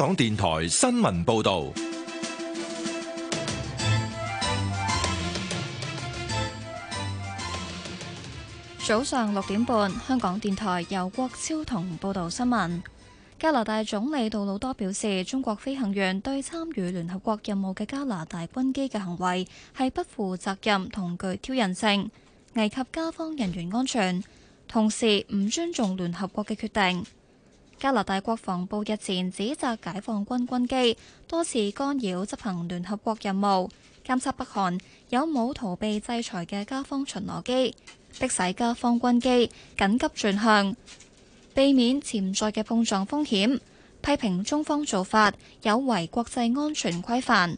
港電台新聞報道，早上六點半，香港電台由郭超同報道新聞。加拿大總理杜魯多表示，中國飛行員對參與聯合國任務嘅加拿大軍機嘅行為係不負責任同具挑釁性，危及加方人員安全，同時唔尊重聯合國嘅決定。加拿大國防部日前指責解放軍軍機多次干擾執行聯合國任務，監測北韓有冇逃避制裁嘅加方巡邏機，迫使加方軍機緊急轉向，避免潛在嘅碰撞風險。批評中方做法有違國際安全規範。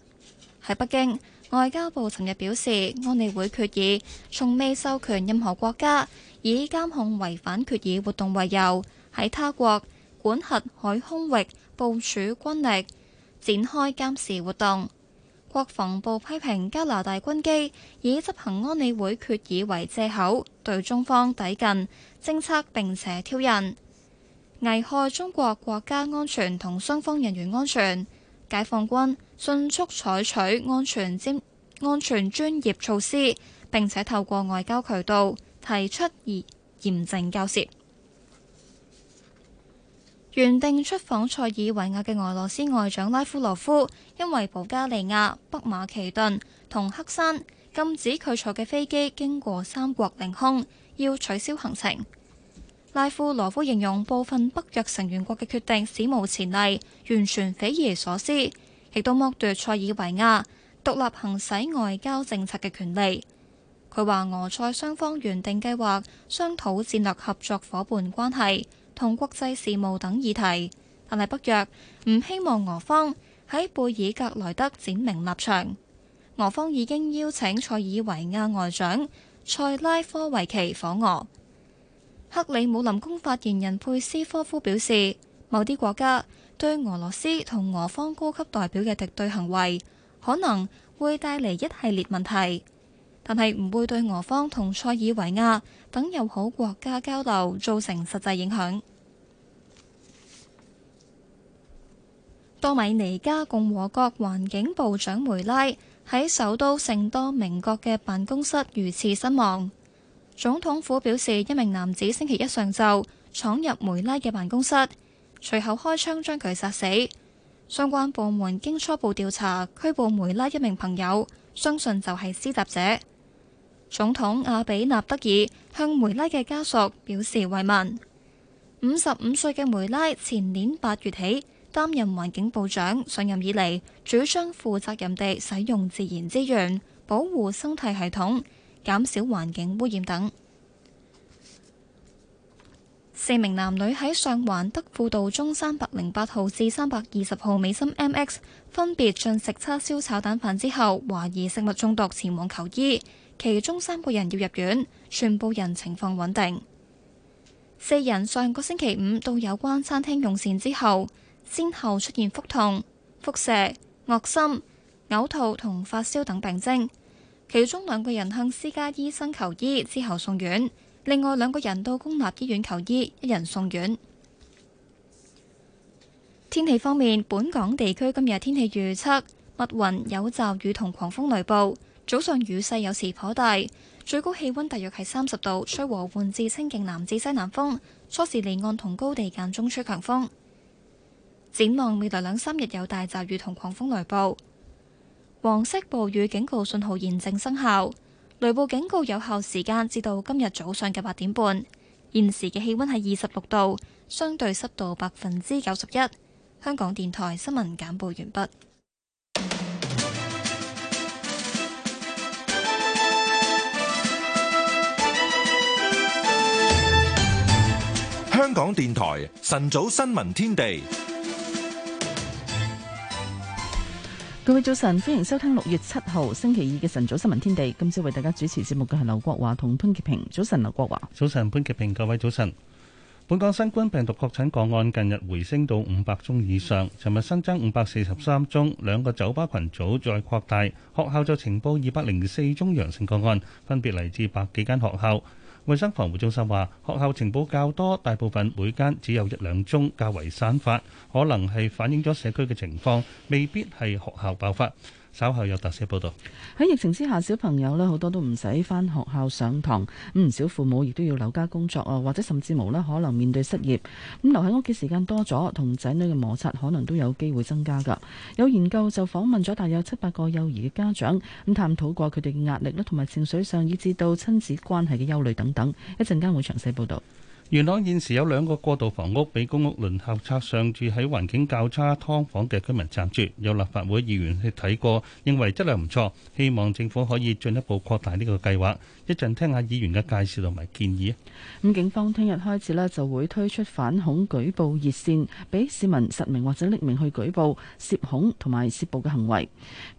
喺北京，外交部尋日表示，安理會決議從未授權任何國家以監控違反決議活動為由，喺他國管轄海空域部署軍力，展開監視活動。國防部批評加拿大軍機以執行安理會決議為借口，對中方抵近，偵察並且挑釁，危害中國國家安全同雙方人員安全。解放軍迅速採取安全尖安全專業措施，並且透過外交渠道提出嚴嚴正交涉。原定出訪塞爾維亞嘅俄羅斯外長拉夫羅夫，因為保加利亞、北馬其頓同黑山禁止佢坐嘅飛機經過三國領空，要取消行程。拉夫羅夫形容部分北約成員國嘅決定史無前例，完全匪夷所思，亦都剝奪塞爾維亞獨立行使外交政策嘅權利。佢話俄塞雙方原定計劃商討戰略合作夥伴關係。同國際事務等議題，但係北約唔希望俄方喺貝爾格萊德展明立場。俄方已經邀請塞爾維亞外長塞拉科維奇訪俄。克里姆林宮發言人佩斯科夫表示，某啲國家對俄羅斯同俄方高級代表嘅敵對行為，可能會帶嚟一系列問題。但係唔會對俄方同塞爾維亞等友好國家交流造成實際影響。多米尼加共和國環境部長梅拉喺首都聖多明各嘅辦公室遇刺身亡。總統府表示，一名男子星期一上晝闖入梅拉嘅辦公室，隨後開槍將佢殺死。相關部門經初步調查，拘捕梅拉一名朋友，相信就係施襲者。總統阿比納德爾向梅拉嘅家屬表示慰問。五十五歲嘅梅拉前年八月起擔任環境部長，上任以嚟主張負責任地使用自然資源、保護生態系統、減少環境污染等。四名男女喺上環德輔道中三百零八號至三百二十號美心 MX 分別進食叉燒炒,炒蛋飯之後，懷疑食物中毒，前往求醫。其中三個人要入院，全部人情況穩定。四人上個星期五到有關餐廳用膳之後，先後出現腹痛、腹瀉、噁心、嘔吐同發燒等病徵。其中兩個人向私家醫生求醫之後送院，另外兩個人到公立醫院求醫，一人送院。天氣方面，本港地區今日天氣預測：密雲有驟雨同狂風雷暴。早上雨勢有時頗大，最高氣溫大約係三十度，吹和緩至清勁南至西南風，初時離岸同高地間中吹強風。展望未來兩三日有大驟雨同狂風雷暴，黃色暴雨警告信號現正生效，雷暴警告有效時間至到今日早上嘅八點半。現時嘅氣溫係二十六度，相對濕度百分之九十一。香港電台新聞簡報完畢。香港電台晨早新聞天地，各位早晨，歡迎收聽六月七號星期二嘅晨早新聞天地。今朝為大家主持節目嘅係劉國華同潘潔平。早晨，劉國華。早晨，潘潔平。各位早晨。本港新冠病毒確診個案近日回升到五百宗以上，尋日新增五百四十三宗，兩個酒吧群組再擴大，學校就呈報二百零四宗陽性個案，分別嚟自百幾間學校。衞生防護中心話：學校情報較多，大部分每間只有一兩宗，較為散發，可能係反映咗社區嘅情況，未必係學校爆發。稍後有特色報道。喺疫情之下，小朋友呢，好多都唔使返學校上堂，咁唔少父母亦都要留家工作啊，或者甚至無啦，可能面對失業，咁留喺屋企時間多咗，同仔女嘅摩擦可能都有機會增加噶。有研究就訪問咗大約七八個幼兒嘅家長，咁探討過佢哋嘅壓力啦，同埋情緒上以至到親子關係嘅憂慮等等。等一陣間會詳細報道。元朗現時有兩個過渡房屋俾公屋輪候冊上住喺環境較差劏房嘅居民暫住。有立法會議員去睇過，認為質量唔錯，希望政府可以進一步擴大呢個計劃。一陣聽下議員嘅介紹同埋建議。咁、嗯、警方聽日開始呢，就會推出反恐舉報熱線，俾市民實名或者匿名去舉報涉恐同埋涉暴嘅行為。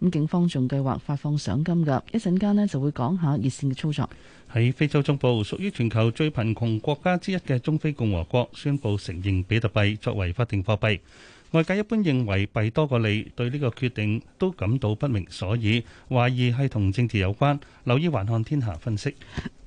咁、嗯、警方仲計劃發放賞金㗎。一陣間呢，就會講下熱線嘅操作。喺非洲中部，屬於全球最貧窮國家之一嘅中非共和國，宣布承認比特幣作為法定貨幣。外界一般認為弊多過利，對呢個決定都感到不明所以，懷疑係同政治有關。留意環看天下分析。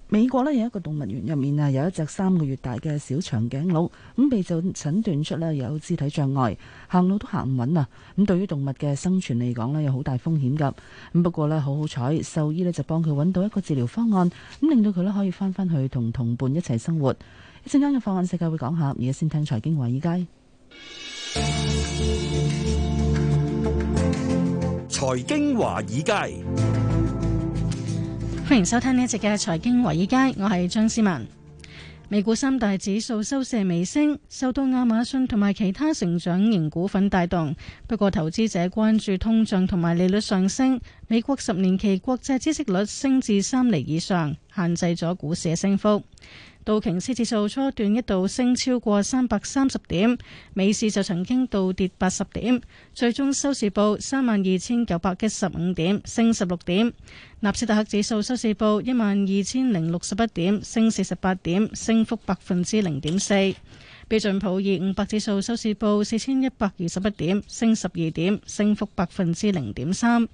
美國咧有一個動物園入面啊，有一隻三個月大嘅小長頸鹿，咁被就診斷出咧有肢體障礙，行路都行唔穩啊！咁對於動物嘅生存嚟講咧，有好大風險㗎。咁不過咧，好好彩，獸醫咧就幫佢揾到一個治療方案，咁令到佢咧可以返返去同同伴一齊生活。一陣間嘅放眼世界會講下，而家先聽財經華爾街。財經華爾街。歡迎收聽呢一集嘅財經華爾街，我係張思文。美股三大指數收市微升，受到亞馬遜同埋其他成長型股份帶動，不過投資者關注通脹同埋利率上升，美國十年期國債孳息率升至三厘以上，限制咗股市嘅升幅。道瓊斯指數初段一度升超過三百三十點，尾市就曾經倒跌八十點，最終收市報三萬二千九百一十五點，升十六點。納斯達克指數收市報一萬二千零六十一點，升四十八點，升幅百分之零點四。標準普爾五百指數收市報四千一百二十一點，升十二點，升幅百分之零點三。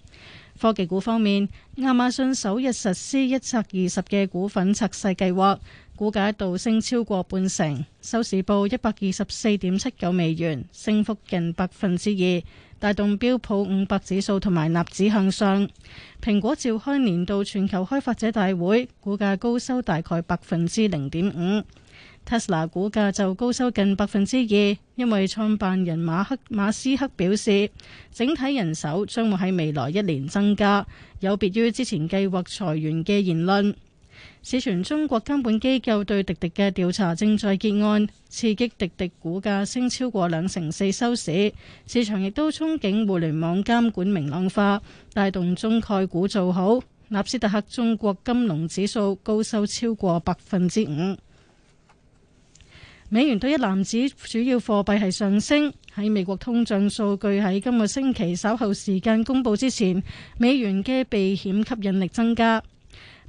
科技股方面，亞馬遜首日實施一拆二十嘅股份拆細計劃。股價一度升超過半成，收市報一百二十四點七九美元，升幅近百分之二，帶動標普五百指數同埋納指向上。蘋果召開年度全球開發者大會，股價高收大概百分之零點五。Tesla 股價就高收近百分之二，因為創辦人馬克馬斯克表示，整體人手將會喺未來一年增加，有別於之前計劃裁員嘅言論。市傳中國監管機構對滴滴嘅調查正在結案，刺激滴滴股價升超過兩成四收市。市場亦都憧憬互聯網監管明朗化，帶動中概股做好。納斯達克中國金融指數高收超過百分之五。美元對一籃子主要貨幣係上升，喺美國通脹數據喺今個星期稍後時間公佈之前，美元嘅避險吸引力增加。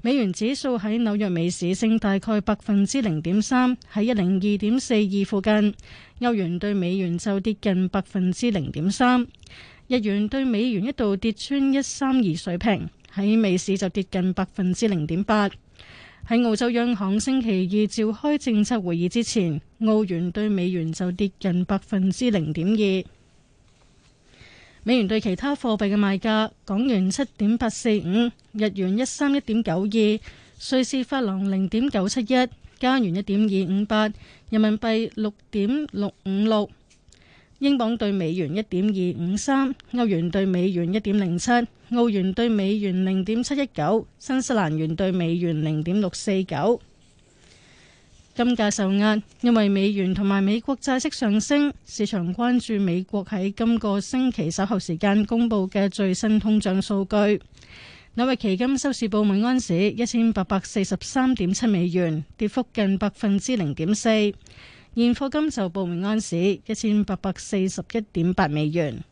美元指數喺紐約美市升大概百分之零點三，喺一零二點四二附近。歐元兌美元就跌近百分之零點三，日元兌美元一度跌穿一三二水平，喺美市就跌近百分之零點八。喺澳洲央行星期二召開政策會議之前，澳元兌美元就跌近百分之零點二。美元對其他貨幣嘅賣價：港元七點八四五，日元一三一點九二，瑞士法郎零點九七一，加元一點二五八，人民幣六點六五六，英鎊對美元一點二五三，歐元對美元一點零七，澳元對美元零點七一九，新西蘭元對美元零點六四九。金價受壓，因為美元同埋美國債息上升，市場關注美國喺今個星期稍後時間公布嘅最新通脹數據。紐約期金收市報每盎司一千八百四十三點七美元，跌幅近百分之零點四。現貨金就報每盎司一千八百四十一點八美元。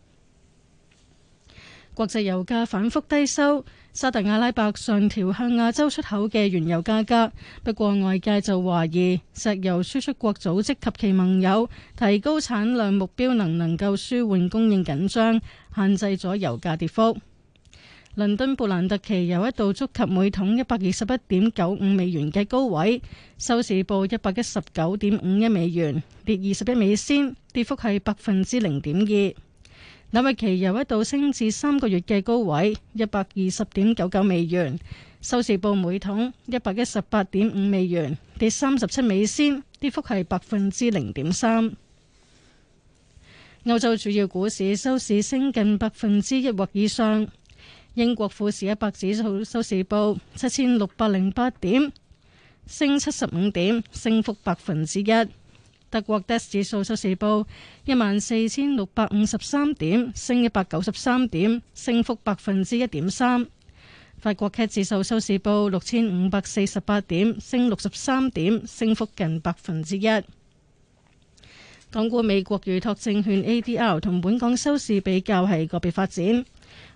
國際油價反覆低收，沙特阿拉伯上調向亞洲出口嘅原油價格。不過外界就懷疑，石油輸出國組織及其盟友提高產量目標能能夠舒緩供應緊張，限制咗油價跌幅。倫敦布蘭特期油一度觸及每桶一百二十一點九五美元嘅高位，收市報一百一十九點五一美元，跌二十一美仙，跌幅係百分之零點二。紐約期油一度升至三個月嘅高位，一百二十點九九美元。收市報每桶一百一十八點五美元，跌三十七美仙，跌幅係百分之零點三。歐洲主要股市收市升近百分之一或以上。英國富時一百指數收市報七千六百零八點，升七十五點，升幅百分之一。德國德指數收市報一萬四千六百五十三點，升一百九十三點，升幅百分之一點三。法國 CAC 指數收市報六千五百四十八點，升六十三點，升幅近百分之一。港股美國預託證券 ADR 同本港收市比較係個別發展，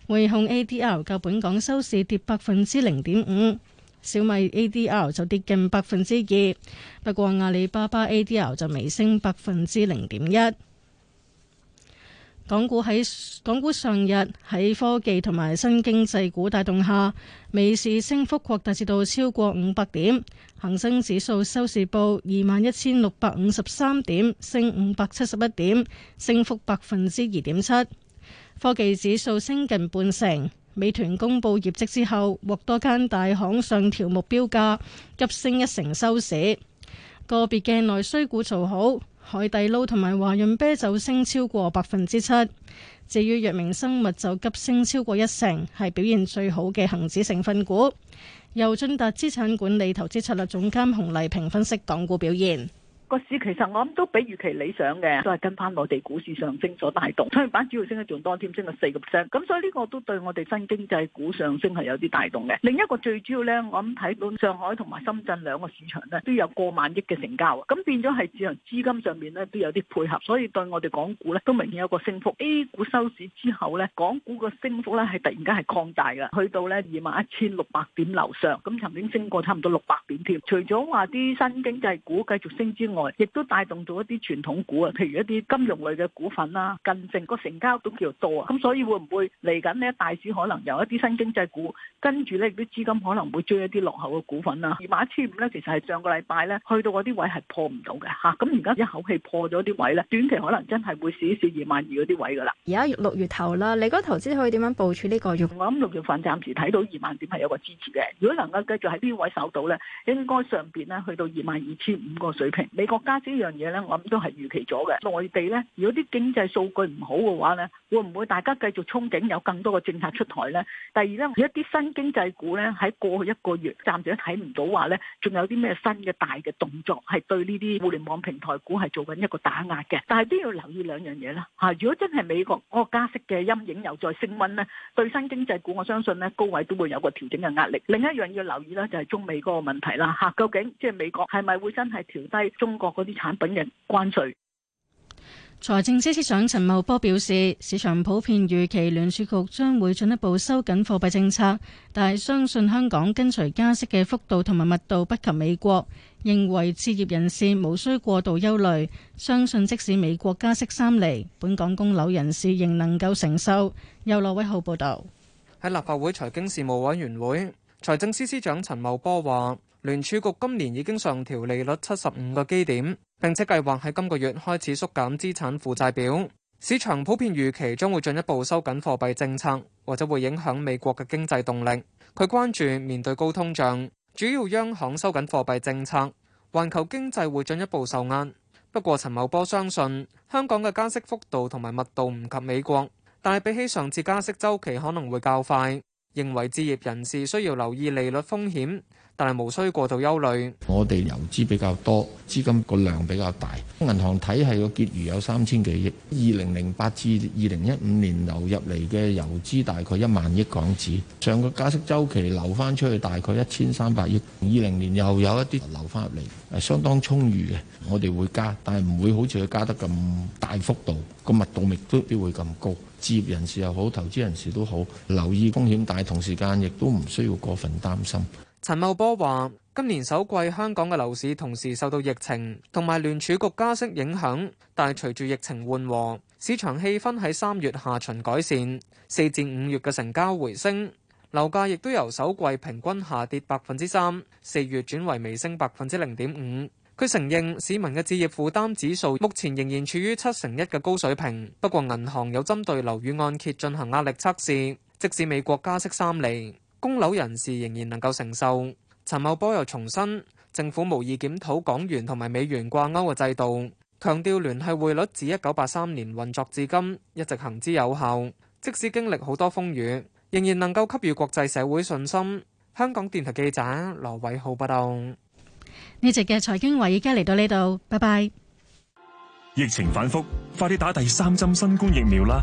匯控 ADR 較本港收市跌百分之零點五。小米 ADR 就跌近百分之二，不過阿里巴巴 ADR 就微升百分之零點一。港股喺港股上日喺科技同埋新經濟股帶動下，尾市升幅擴大至到超過五百點，恒生指數收市報二萬一千六百五十三點，升五百七十一點，升幅百分之二點七。科技指數升近半成。美團公佈業績之後，獲多間大行上調目標價，急升一成收市。個別嘅內需股做好，海底撈同埋華潤啤酒升超過百分之七。至於藥明生物就急升超過一成，係表現最好嘅恒指成分股。由晉達資產管理投資策略總監洪麗平分析港股表現。個市其實我諗都比預期理想嘅，都係跟翻內地股市上升所帶動，創業板主要升得仲多添，升到四個 percent。咁所以呢個都對我哋新經濟股上升係有啲帶動嘅。另一個最主要呢，我諗睇到上海同埋深圳兩個市場呢都有過萬億嘅成交，咁變咗係市場資金上面呢都有啲配合，所以對我哋港股呢都明顯有個升幅。A 股收市之後呢，港股個升幅呢係突然間係擴大嘅，去到呢二萬一千六百點樓上，咁曾經升過差唔多六百點添。除咗話啲新經濟股繼續升之外，亦都帶動咗一啲傳統股啊，譬如一啲金融類嘅股份啦，近成個成交都叫做多啊，咁所以會唔會嚟緊呢大市可能有一啲新經濟股，跟住呢啲都資金可能會追一啲落後嘅股份啦。二萬一千五呢，其實係上個禮拜呢去到嗰啲位係破唔到嘅嚇，咁而家一口氣破咗啲位咧，短期可能真係會試一試二萬二嗰啲位噶啦。而家六月頭啦，你嗰投資可以點樣部署呢個月？我諗六月份暫時睇到二萬點係有個支持嘅，如果能夠繼續喺呢位守到呢，應該上邊呢，去到二萬二千五個水平。國家呢樣嘢呢，我諗都係預期咗嘅。內地呢，如果啲經濟數據唔好嘅話呢，會唔會大家繼續憧憬有更多嘅政策出台呢？第二呢，一啲新經濟股呢，喺過去一個月暫時都睇唔到話呢，仲有啲咩新嘅大嘅動作係對呢啲互聯網平台股係做緊一個打壓嘅。但係都要留意兩樣嘢啦，吓，如果真係美國嗰個加息嘅陰影又再升溫呢，對新經濟股，我相信呢，高位都會有個調整嘅壓力。另一樣要留意呢，就係中美嗰個問題啦，吓，究竟即係美國係咪會真係調低中？國嗰啲產品嘅關稅。財政司司長陳茂波表示，市場普遍預期聯儲局將會進一步收緊貨幣政策，但係相信香港跟隨加息嘅幅度同埋密度不及美國，認為置業人士無需過度憂慮。相信即使美國加息三厘，本港供樓人士仍能夠承受。有羅偉浩報道。喺立法會財經事務委員會，財政司司長陳茂波話。聯儲局今年已經上調利率七十五個基點，並且計劃喺今個月開始縮減資產負債表。市場普遍預期將會進一步收緊貨幣政策，或者會影響美國嘅經濟動力。佢關注面對高通脹，主要央行收緊貨幣政策，環球經濟會進一步受壓。不過，陳茂波相信香港嘅加息幅度同埋密度唔及美國，但係比起上次加息週期可能會較快，認為置業人士需要留意利率風險。但係無需過度憂慮。我哋游資比較多，資金個量比較大。銀行體系個結餘有三千幾億。二零零八至二零一五年流入嚟嘅游資大概一萬億港紙。上個加息週期流返出去大概一千三百億。二零年又有一啲流返入嚟，相當充裕嘅。我哋會加，但係唔會好似佢加得咁大幅度，個密度未必會咁高。置業人士又好，投資人士都好，留意風險，但係同時間亦都唔需要過分擔心。陳茂波話，今年首季香港嘅樓市同時受到疫情同埋聯儲局加息影響，但係隨住疫情緩和，市場氣氛喺三月下旬改善，四至五月嘅成交回升，樓價亦都由首季平均下跌百分之三，四月轉為微升百分之零點五。佢承認市民嘅置業負擔指數目前仍然處於七成一嘅高水平，不過銀行有針對樓宇按揭進行壓力測試，即使美國加息三厘。供樓人士仍然能夠承受。陳茂波又重申，政府無意檢討港元同埋美元掛鈎嘅制度，強調聯繫匯率自一九八三年運作至今，一直行之有效，即使經歷好多風雨，仍然能夠給予國際社會信心。香港電台記者羅偉浩報道。呢集嘅財經話，已經嚟到呢度，拜拜。疫情反復，快啲打第三針新冠疫苗啦！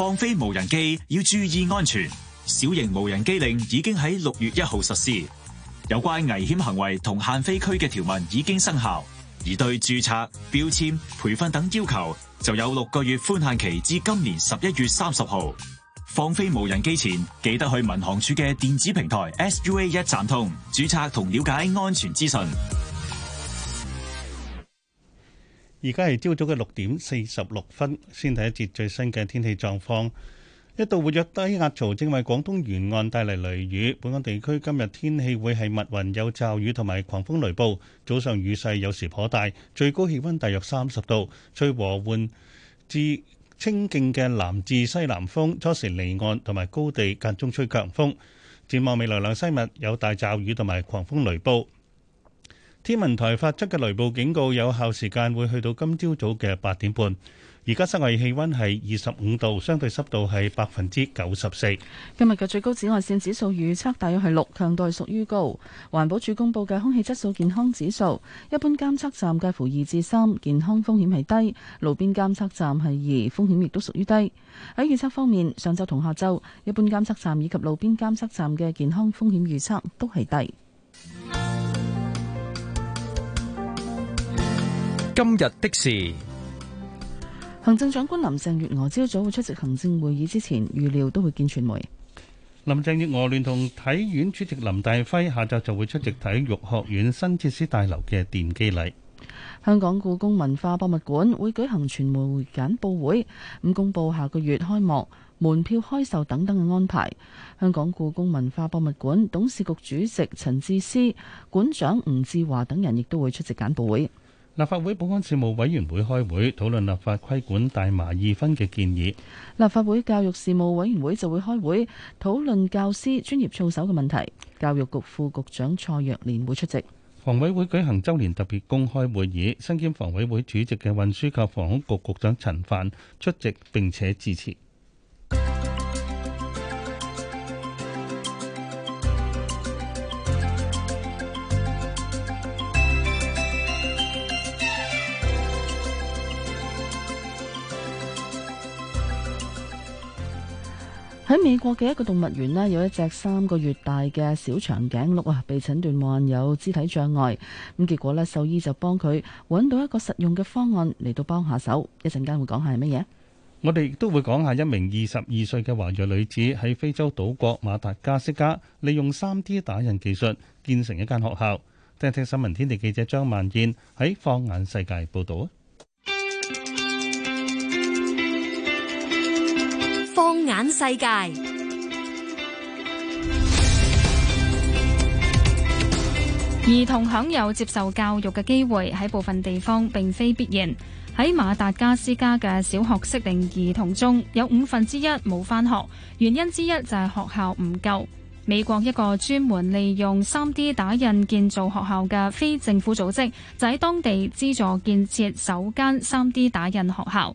放飛無人機要注意安全。小型無人機令已經喺六月一號實施，有關危險行為同限飛區嘅條文已經生效，而對注冊、標籤、培訓等要求就有六個月寬限期至今年十一月三十號。放飛無人機前記得去民航處嘅電子平台 SUA 一站通注冊同了解安全資訊。而家係朝早嘅六點四十六分，先睇一節最新嘅天氣狀況。一道活躍低壓槽正為廣東沿岸帶嚟雷雨，本港地區今日天氣會係密雲有驟雨同埋狂風雷暴，早上雨勢有時頗大，最高氣溫大約三十度，吹和緩至清勁嘅南至西南風，初時離岸同埋高地間中吹強風，展望未來兩西密有大驟雨同埋狂風雷暴。天文台發出嘅雷暴警告有效時間會去到今朝早嘅八點半。而家室外氣溫係二十五度，相對濕度係百分之九十四。今日嘅最高紫外線指數預測大約係六，強度係屬於高。環保署公布嘅空氣質素健康指數，一般監測站介乎二至三，健康風險係低；路邊監測站係二，風險亦都屬於低。喺預測方面，上晝同下晝，一般監測站以及路邊監測站嘅健康風險預測都係低。 今日的事，行政長官林鄭月娥朝早會出席行政會議之前，預料都會見傳媒。林鄭月娥聯同體院主席林大輝下晝就會出席體育學院新設施大樓嘅奠基禮。香港故宮文化博物館會舉行傳媒簡報會，咁公布下個月開幕、門票開售等等嘅安排。香港故宮文化博物館董事局主席陳智思、館長吳志華等人亦都會出席簡報會。立法會保安事務委員會開會討論立法規管大麻二酚嘅建議。立法會教育事務委員會就會開會討論教師專業操守嘅問題。教育局副局長蔡若蓮會出席。房委會舉行周年特別公開會議，新兼房委會主席嘅運輸及房屋局局長陳帆出席並且致辭。喺美國嘅一個動物園咧，有一隻三個月大嘅小長頸鹿啊，被診斷患有肢體障礙。咁結果咧，獸醫就幫佢揾到一個實用嘅方案嚟到幫下手。一陣間會講下係乜嘢。我哋亦都會講下一名二十二歲嘅華裔女子喺非洲島國馬達加斯加，利用 3D 打印技術建成一間學校。聽聽新聞天地記者張萬燕喺放眼世界報道。放眼世界，兒童享有接受教育嘅機會喺部分地方並非必然。喺馬達加斯加嘅小學適齡兒童中有五分之一冇返學，原因之一就係學校唔夠。美國一個專門利用三 D 打印建造學校嘅非政府組織就喺當地資助建設首間三 D 打印學校。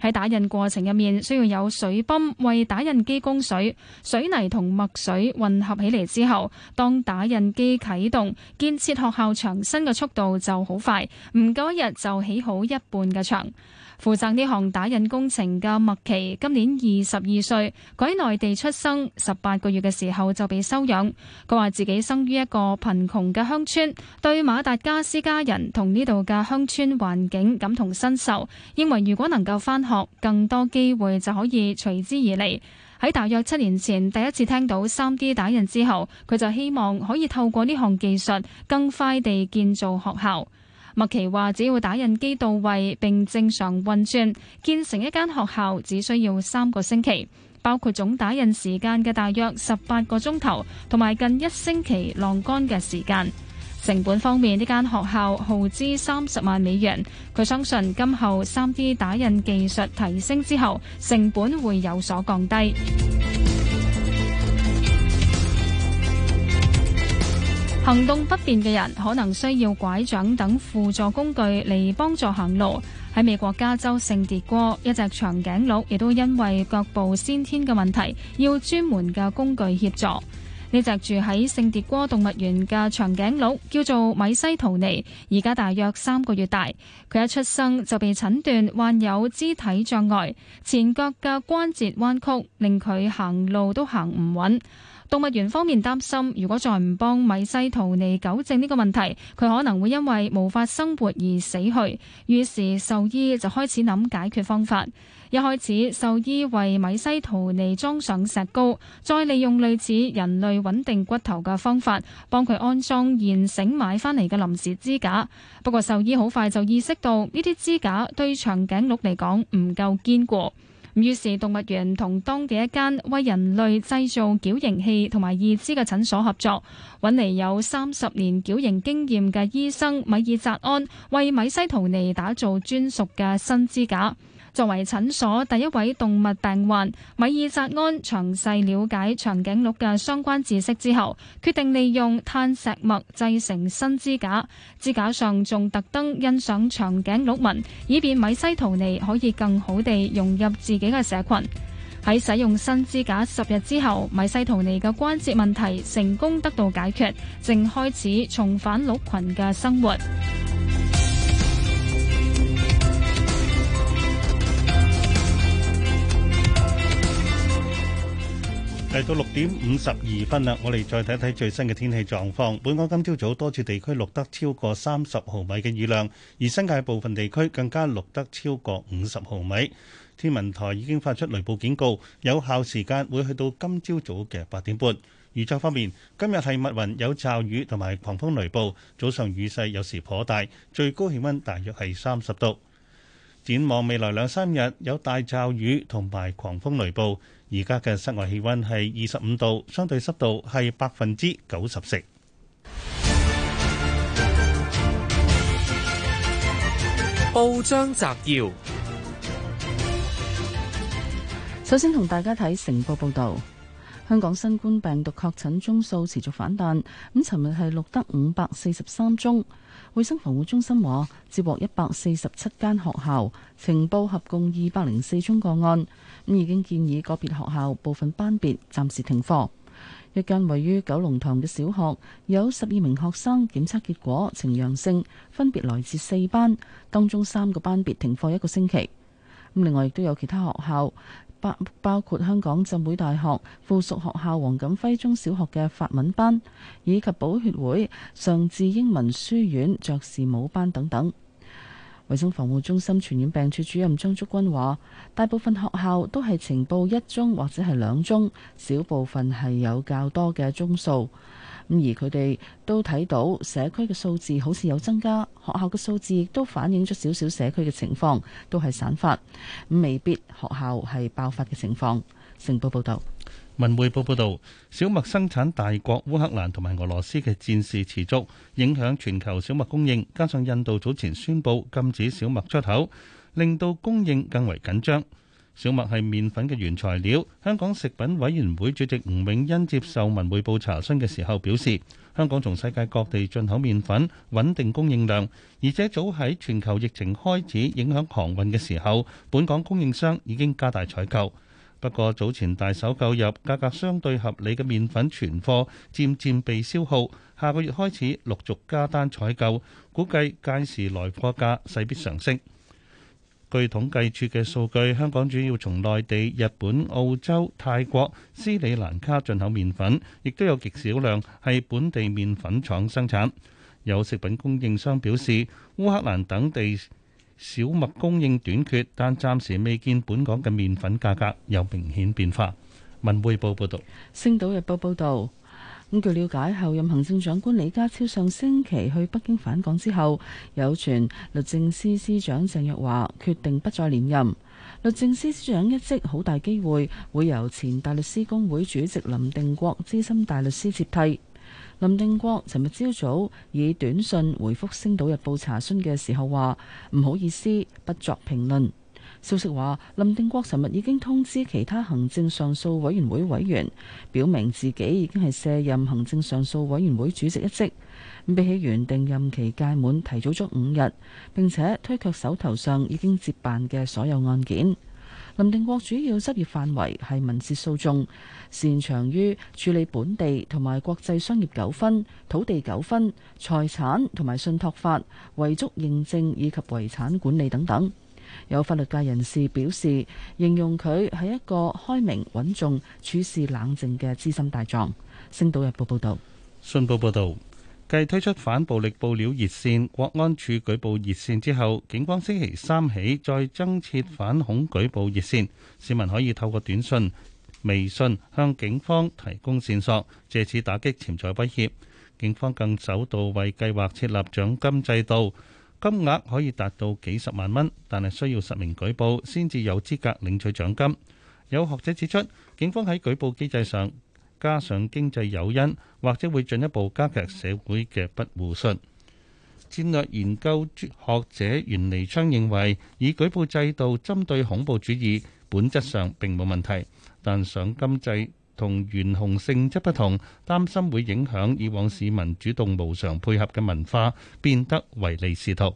喺打印過程入面，需要有水泵為打印機供水。水泥同墨水混合起嚟之後，當打印機啟動，建設學校牆身嘅速度就好快，唔夠一日就起好一半嘅牆。負責呢項打印工程嘅默奇今年二十二歲，佢喺內地出生，十八個月嘅時候就被收養。佢話自己生於一個貧窮嘅鄉村，對馬達加斯加人同呢度嘅鄉村環境感同身受，認為如果能夠返學，更多機會就可以隨之而嚟。喺大約七年前第一次聽到 3D 打印之後，佢就希望可以透過呢項技術更快地建造學校。麥奇話：只要打印機到位並正常運轉，建成一間學校只需要三個星期，包括總打印時間嘅大約十八個鐘頭，同埋近一星期晾乾嘅時間。成本方面，呢間學校耗資三十萬美元。佢相信今後三 D 打印技術提升之後，成本會有所降低。行動不便嘅人可能需要拐杖等輔助工具嚟幫助行路。喺美國加州聖迭戈，一隻長頸鹿亦都因為腳部先天嘅問題，要專門嘅工具協助。呢隻住喺聖迭戈動物園嘅長頸鹿叫做米西圖尼，而家大約三個月大。佢一出生就被診斷患有肢體障礙，前腳嘅關節彎曲令佢行路都行唔穩。動物園方面擔心，如果再唔幫米西圖尼糾正呢個問題，佢可能會因為無法生活而死去。於是獸醫就開始諗解決方法。一開始，獸醫為米西圖尼裝上石膏，再利用類似人類穩定骨頭嘅方法，幫佢安裝現成買翻嚟嘅臨時支架。不過獸醫好快就意識到呢啲支架對長頸鹿嚟講唔夠堅固。於是動物園同當地一間為人類製造矯形器同埋義肢嘅診所合作，搵嚟有三十年矯形經驗嘅醫生米爾扎安，為米西圖尼打造專屬嘅新支架。作為診所第一位動物病患，米爾扎安詳細了解長頸鹿嘅相關知識之後，決定利用碳石墨製成新支架，支架上仲特登印上長頸鹿紋，以便米西圖尼可以更好地融入自己嘅社群。喺使用新支架十日之後，米西圖尼嘅關節問題成功得到解決，正開始重返鹿群嘅生活。嚟到六點五十二分啦，我哋再睇睇最新嘅天氣狀況。本港今朝早，早多處地區錄得超過三十毫米嘅雨量，而新界部分地區更加錄得超過五十毫米。天文台已經發出雷暴警告，有效時間會去到今朝早嘅八點半。預測方面，今日係密雲有驟雨同埋狂風雷暴，早上雨勢有時頗大，最高氣温大約係三十度。展望未來兩三日有大驟雨同埋狂風雷暴。而家嘅室外氣温係二十五度，相對濕度係百分之九十四。報章摘要，首先同大家睇成報報道，香港新冠病毒確診宗數持續反彈，咁尋日係錄得五百四十三宗。衛生防護中心話，接獲一百四十七間學校呈報，合共二百零四宗個案。咁已經建議個別學校部分班別暫時停課。一間位於九龍塘嘅小學，有十二名學生檢測結果呈陽性，分別來自四班，當中三個班別停課一個星期。咁另外亦都有其他學校。包包括香港浸會大學附屬學校黃錦輝中小學嘅法文班，以及寶血會上至英文書院爵士舞班等等。衛生防護中心傳染病處主任張竹君話：大部分學校都係呈報一宗或者係兩宗，少部分係有較多嘅宗數。咁而佢哋都睇到社區嘅數字好似有增加，學校嘅數字亦都反映咗少少社區嘅情況，都係散發，未必學校係爆發嘅情況。成報報道：文匯報報道，小麥生產大國烏克蘭同埋俄羅斯嘅戰事持續影響全球小麥供應，加上印度早前宣布禁止小麥出口，令到供應更為緊張。小麥係麵粉嘅原材料。香港食品委員會主席吳永欣接受文匯報查詢嘅時候表示，香港從世界各地進口麵粉，穩定供應量，而且早喺全球疫情開始影響航運嘅時候，本港供應商已經加大採購。不過早前大手購入價格相對合理嘅麵粉存貨，漸漸被消耗，下個月開始陸續加單採購，估計屆時來貨價勢必上升。據統計處嘅數據，香港主要從內地、日本、澳洲、泰國、斯里蘭卡進口麵粉，亦都有極少量係本地麵粉廠生產。有食品供應商表示，烏克蘭等地小麥供應短缺，但暫時未見本港嘅麵粉價格有明顯變化。文匯報報道。星島日報報道。咁據了解，候任行政長官李家超上星期去北京返港之後，有傳律政司司長鄭若驊決定不再連任律政司司長一職，好大機會會由前大律師公會主席林定國資深大律師接替。林定國尋日朝早以短信回覆《星島日報》查詢嘅時候話：唔好意思，不作評論。消息話，林定國尋日已經通知其他行政上訴委員會委員，表明自己已經係卸任行政上訴委員會主席一職。比起原定任期屆滿提早咗五日，並且推卻手頭上已經接辦嘅所有案件。林定國主要執業範圍係民事訴訟，擅長於處理本地同埋國際商業糾紛、土地糾紛、財產同埋信託法、遺囑認證以及遺產管理等等。有法律界人士表示，形容佢係一個開明、穩重、處事冷靜嘅資深大狀。星島日報報道，信報報道，繼推出反暴力爆料熱線、國安處舉報熱線之後，警方星期三起再增設反恐舉報熱線，市民可以透過短信、微信向警方提供線索，借此打擊潛在威脅。警方更首度為計劃設立獎金制度。金額可以達到幾十萬蚊，但係需要實名舉報先至有資格領取獎金。有學者指出，警方喺舉報機制上加上經濟誘因，或者會進一步加劇社會嘅不互信。戰略研究學者袁尼昌認為，以舉報制度針對恐怖主義，本質上並冇問題，但賞金制同原紅性質不同，擔心會影響以往市民主動無償配合嘅文化，變得唯利是圖。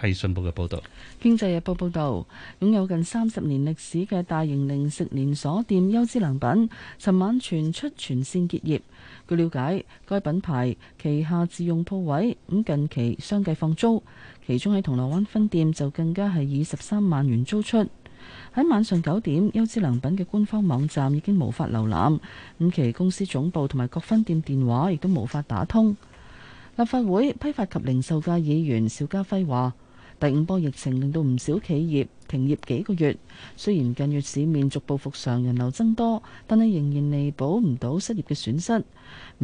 係信報嘅報道，經濟日報報道，擁有近三十年歷史嘅大型零食連鎖店優之良品，尋晚傳出全線結業。據了解，該品牌旗下自用鋪位咁近期相繼放租，其中喺銅鑼灣分店就更加係以十三萬元租出。喺晚上九點，優之良品嘅官方網站已經無法瀏覽，五期公司總部同埋各分店電話亦都無法打通。立法會批發及零售界議員邵家輝話：第五波疫情令到唔少企業停業幾個月，雖然近月市面逐步復常，人流增多，但係仍然彌補唔到失業嘅損失。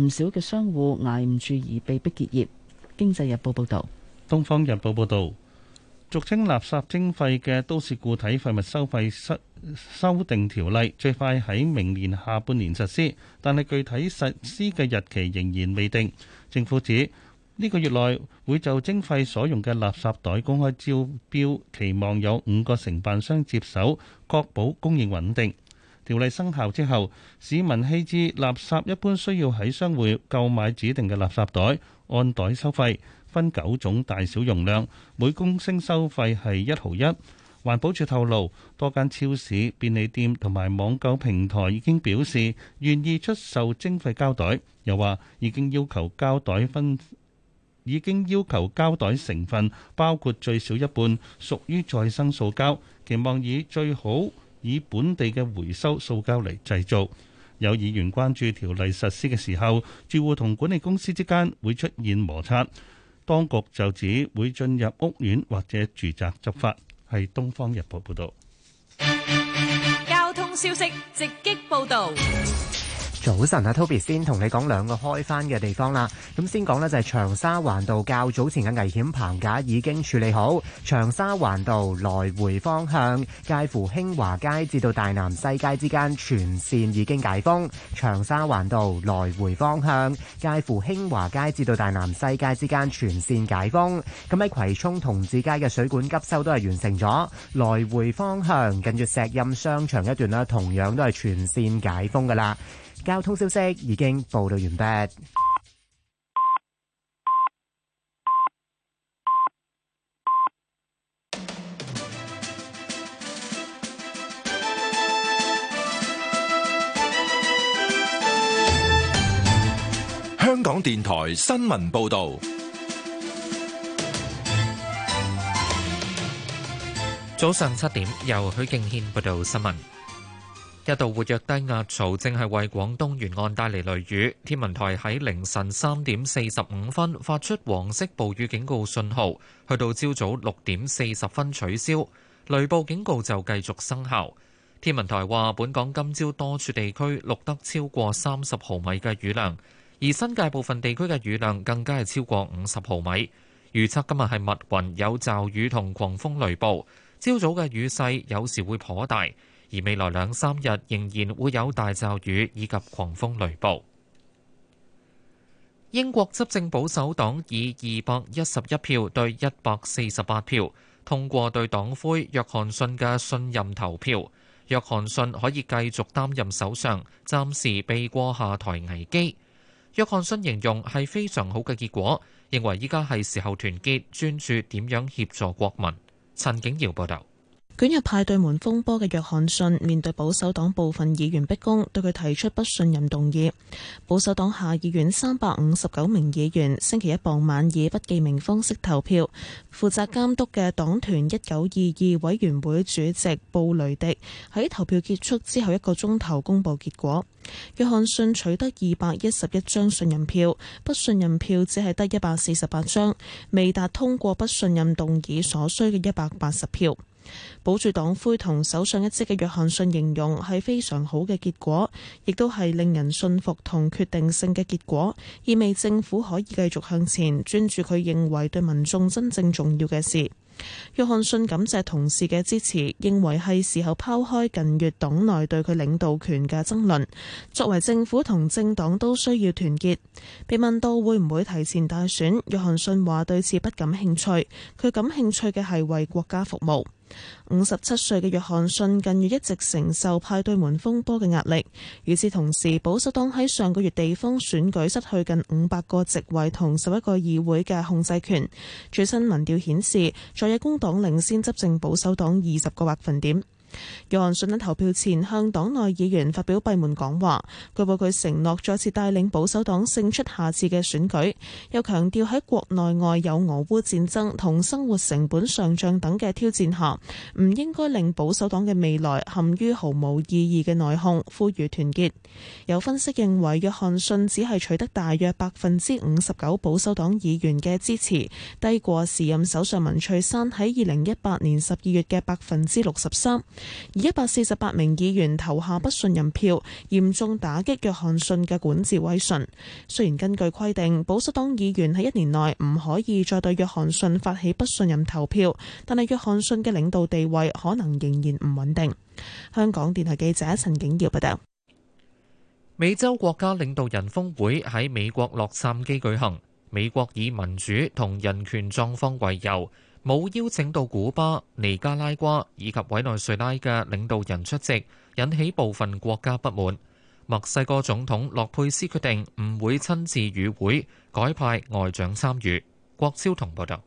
唔少嘅商戶捱唔住而被迫結業。經濟日報報道。東方日報報道。俗稱垃圾徵費嘅都市固體廢物收費修修訂條例最快喺明年下半年實施，但係具體實施嘅日期仍然未定。政府指呢個月內會就徵費所用嘅垃圾袋公開招標，期望有五個承辦商接手，確保供應穩定。條例生效之後，市民棄置垃圾一般需要喺商會購買指定嘅垃圾袋，按袋收費。分九種大小容量，每公升收費係一毫一。環保署透露，多間超市、便利店同埋網購平台已經表示願意出售徵費膠袋，又話已經要求膠袋分已經要求膠袋成分包括最少一半屬於再生塑膠，期望以最好以本地嘅回收塑膠嚟製造。有議員關注條例實施嘅時候，住戶同管理公司之間會出現摩擦。當局就指會進入屋苑或者住宅執法，係《東方日報》報道。交通消息，直擊報道。早晨啊，Toby 先同你講兩個開翻嘅地方啦。咁先講咧，就係長沙環道較早前嘅危險棚架已經處理好。長沙環道來回方向介乎興華街至到大南西街之間全線已經解封。長沙環道來回方向介乎興華街至到大南西街之間全線解封。咁喺葵涌同志街嘅水管急修都係完成咗，來回方向近住石蔭商場一段啦，同樣都係全線解封噶啦。交通消息已經報道完畢。香港電台新聞報道，早上七點由許敬軒報道新聞。一度活躍低壓槽正係為廣東沿岸帶嚟雷雨。天文台喺凌晨三點四十五分發出黃色暴雨警告信號，去到朝早六點四十分取消。雷暴警告就繼續生效。天文台話：本港今朝多處地區錄得超過三十毫米嘅雨量，而新界部分地區嘅雨量更加係超過五十毫米。預測今日係密雲有驟雨同狂風雷暴，朝早嘅雨勢有時會頗大。而未來兩三日仍然會有大驟雨以及狂風雷暴。英國執政保守黨以二百一十一票對一百四十八票通過對黨魁約翰遜嘅信任投票，約翰遜可以繼續擔任首相，暫時避過下台危機。約翰遜形容係非常好嘅結果，認為依家係時候團結，專注點樣協助國民。陳景堯報道。捲入派對門風波嘅約翰遜，面對保守黨部分議員逼宮，對佢提出不信任動議。保守黨下議院三百五十九名議員星期一傍晚以不記名方式投票。負責監督嘅黨團一九二二委員會主席布雷迪喺投票結束之後一個鐘頭公布結果。約翰遜取得二百一十一張信任票，不信任票只係得一百四十八張，未達通過不信任動議所需嘅一百八十票。保住黨魁同首相一職嘅約翰遜形容係非常好嘅結果，亦都係令人信服同決定性嘅結果，意味政府可以繼續向前，專注佢認為對民眾真正重要嘅事。約翰遜感謝同事嘅支持，認為係時候拋開近月黨內對佢領導權嘅爭論。作為政府同政黨都需要團結。被問到會唔會提前大選，約翰遜話對此不感興趣。佢感興趣嘅係為國家服務。五十七歲嘅約翰遜近月一直承受派對門風波嘅壓力，與此同時，保守黨喺上個月地方選舉失去近五百個席位同十一個議會嘅控制權。最新民調顯示，在野工黨領先執政保守黨二十個百分點。約翰遜喺投票前向黨內議員發表閉門講話，據報佢承諾再次帶領保守黨勝出下次嘅選舉，又強調喺國內外有俄烏戰爭同生活成本上漲等嘅挑戰下，唔應該令保守黨嘅未來陷於毫無意義嘅內訌，呼籲團結。有分析認為，約翰遜只係取得大約百分之五十九保守黨議員嘅支持，低過時任首相文翠珊喺二零一八年十二月嘅百分之六十三。而一百四十八名議員投下不信任票，嚴重打擊約翰遜嘅管治威信。雖然根據規定，保守黨議員喺一年內唔可以再對約翰遜發起不信任投票，但係約翰遜嘅領導地位可能仍然唔穩定。香港電台記者陳景耀報道。美洲國家領導人峰會喺美國洛杉磯舉行，美國以民主同人權狀況為由，冇邀請到古巴、尼加拉瓜以及委內瑞拉嘅領導人出席，引起部分國家不滿。墨西哥總統洛佩斯決定唔會親自與會，改派外長參與。郭超同報道。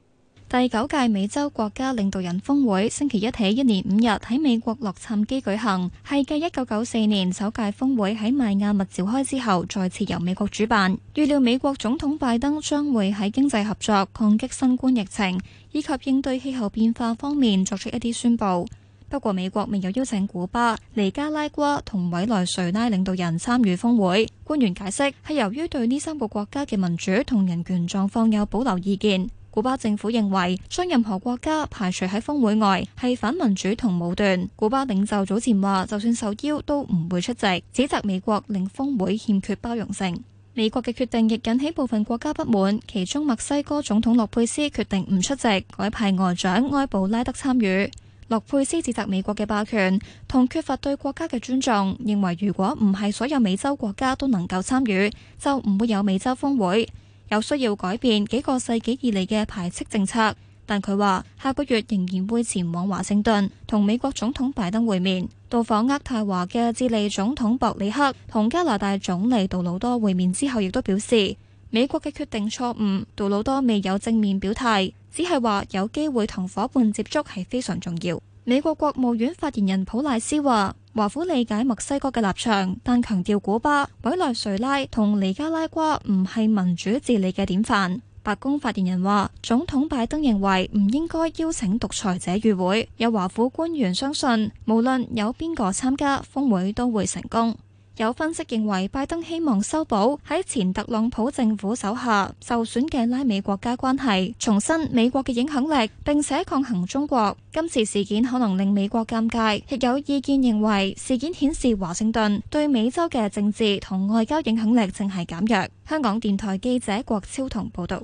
第九屆美洲國家領導人峰會星期一起，一年五日喺美國洛杉磯舉行，係繼一九九四年首屆峰會喺邁亞密召開之後，再次由美國主辦。預料美國總統拜登將會喺經濟合作、抗擊新冠疫情，以及應對氣候變化方面作出一啲宣布。不過美國未有邀請古巴、尼加拉瓜同委內瑞拉領導人參與峰會，官員解釋係由於對呢三個國家嘅民主同人權狀況有保留意見，古巴政府認為將任何國家排除喺峰會外係反民主同武斷。古巴領袖早前話就算受邀都唔會出席，指責美國令峰會欠缺包容性。美國嘅決定亦引起部分國家不滿，其中墨西哥總統洛佩斯決定唔出席，改派外長埃布拉德參與。洛佩斯指責美國嘅霸權同缺乏對國家嘅尊重，認為如果唔係所有美洲國家都能夠參與，就唔會有美洲峰會，有需要改變幾個世紀以嚟嘅排斥政策。但佢話：下個月仍然會前往華盛頓，同美國總統拜登會面。到訪渥太華嘅智利總統博里克同加拿大總理杜魯多會面之後，亦都表示美國嘅決定錯誤。杜魯多未有正面表態，只係話有機會同伙伴接觸係非常重要。美國國務院發言人普賴斯話：華府理解墨西哥嘅立場，但強調古巴、委內瑞拉同尼加拉瓜唔係民主治理嘅典範。白宮發言人話，總統拜登認為唔應該邀請獨裁者與會。有華府官員相信，無論有邊個參加峰會都會成功。有分析認為，拜登希望修補喺前特朗普政府手下受損嘅拉美國家關係，重申美國嘅影響力，並且抗衡中國。今次事件可能令美國尷尬。亦有意見認為，事件顯示華盛頓對美洲嘅政治同外交影響力正係減弱。香港電台記者郭超同報道。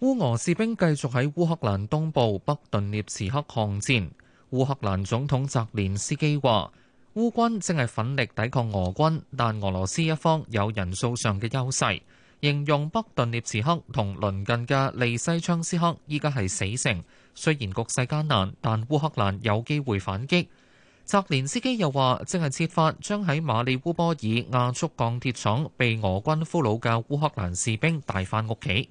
烏俄士兵繼續喺烏克蘭東部北頓涅茨克抗戰。烏克蘭總統澤連斯基話：烏軍正係奮力抵抗俄軍，但俄羅斯一方有人數上嘅優勢。形容北頓涅茨克同鄰近嘅利西昌斯克依家係死城。雖然局勢艱難，但烏克蘭有機會反擊。澤連斯基又話：正係設法將喺馬里烏波爾亞速鋼鐵廠被俄軍俘虜嘅烏克蘭士兵帶返屋企。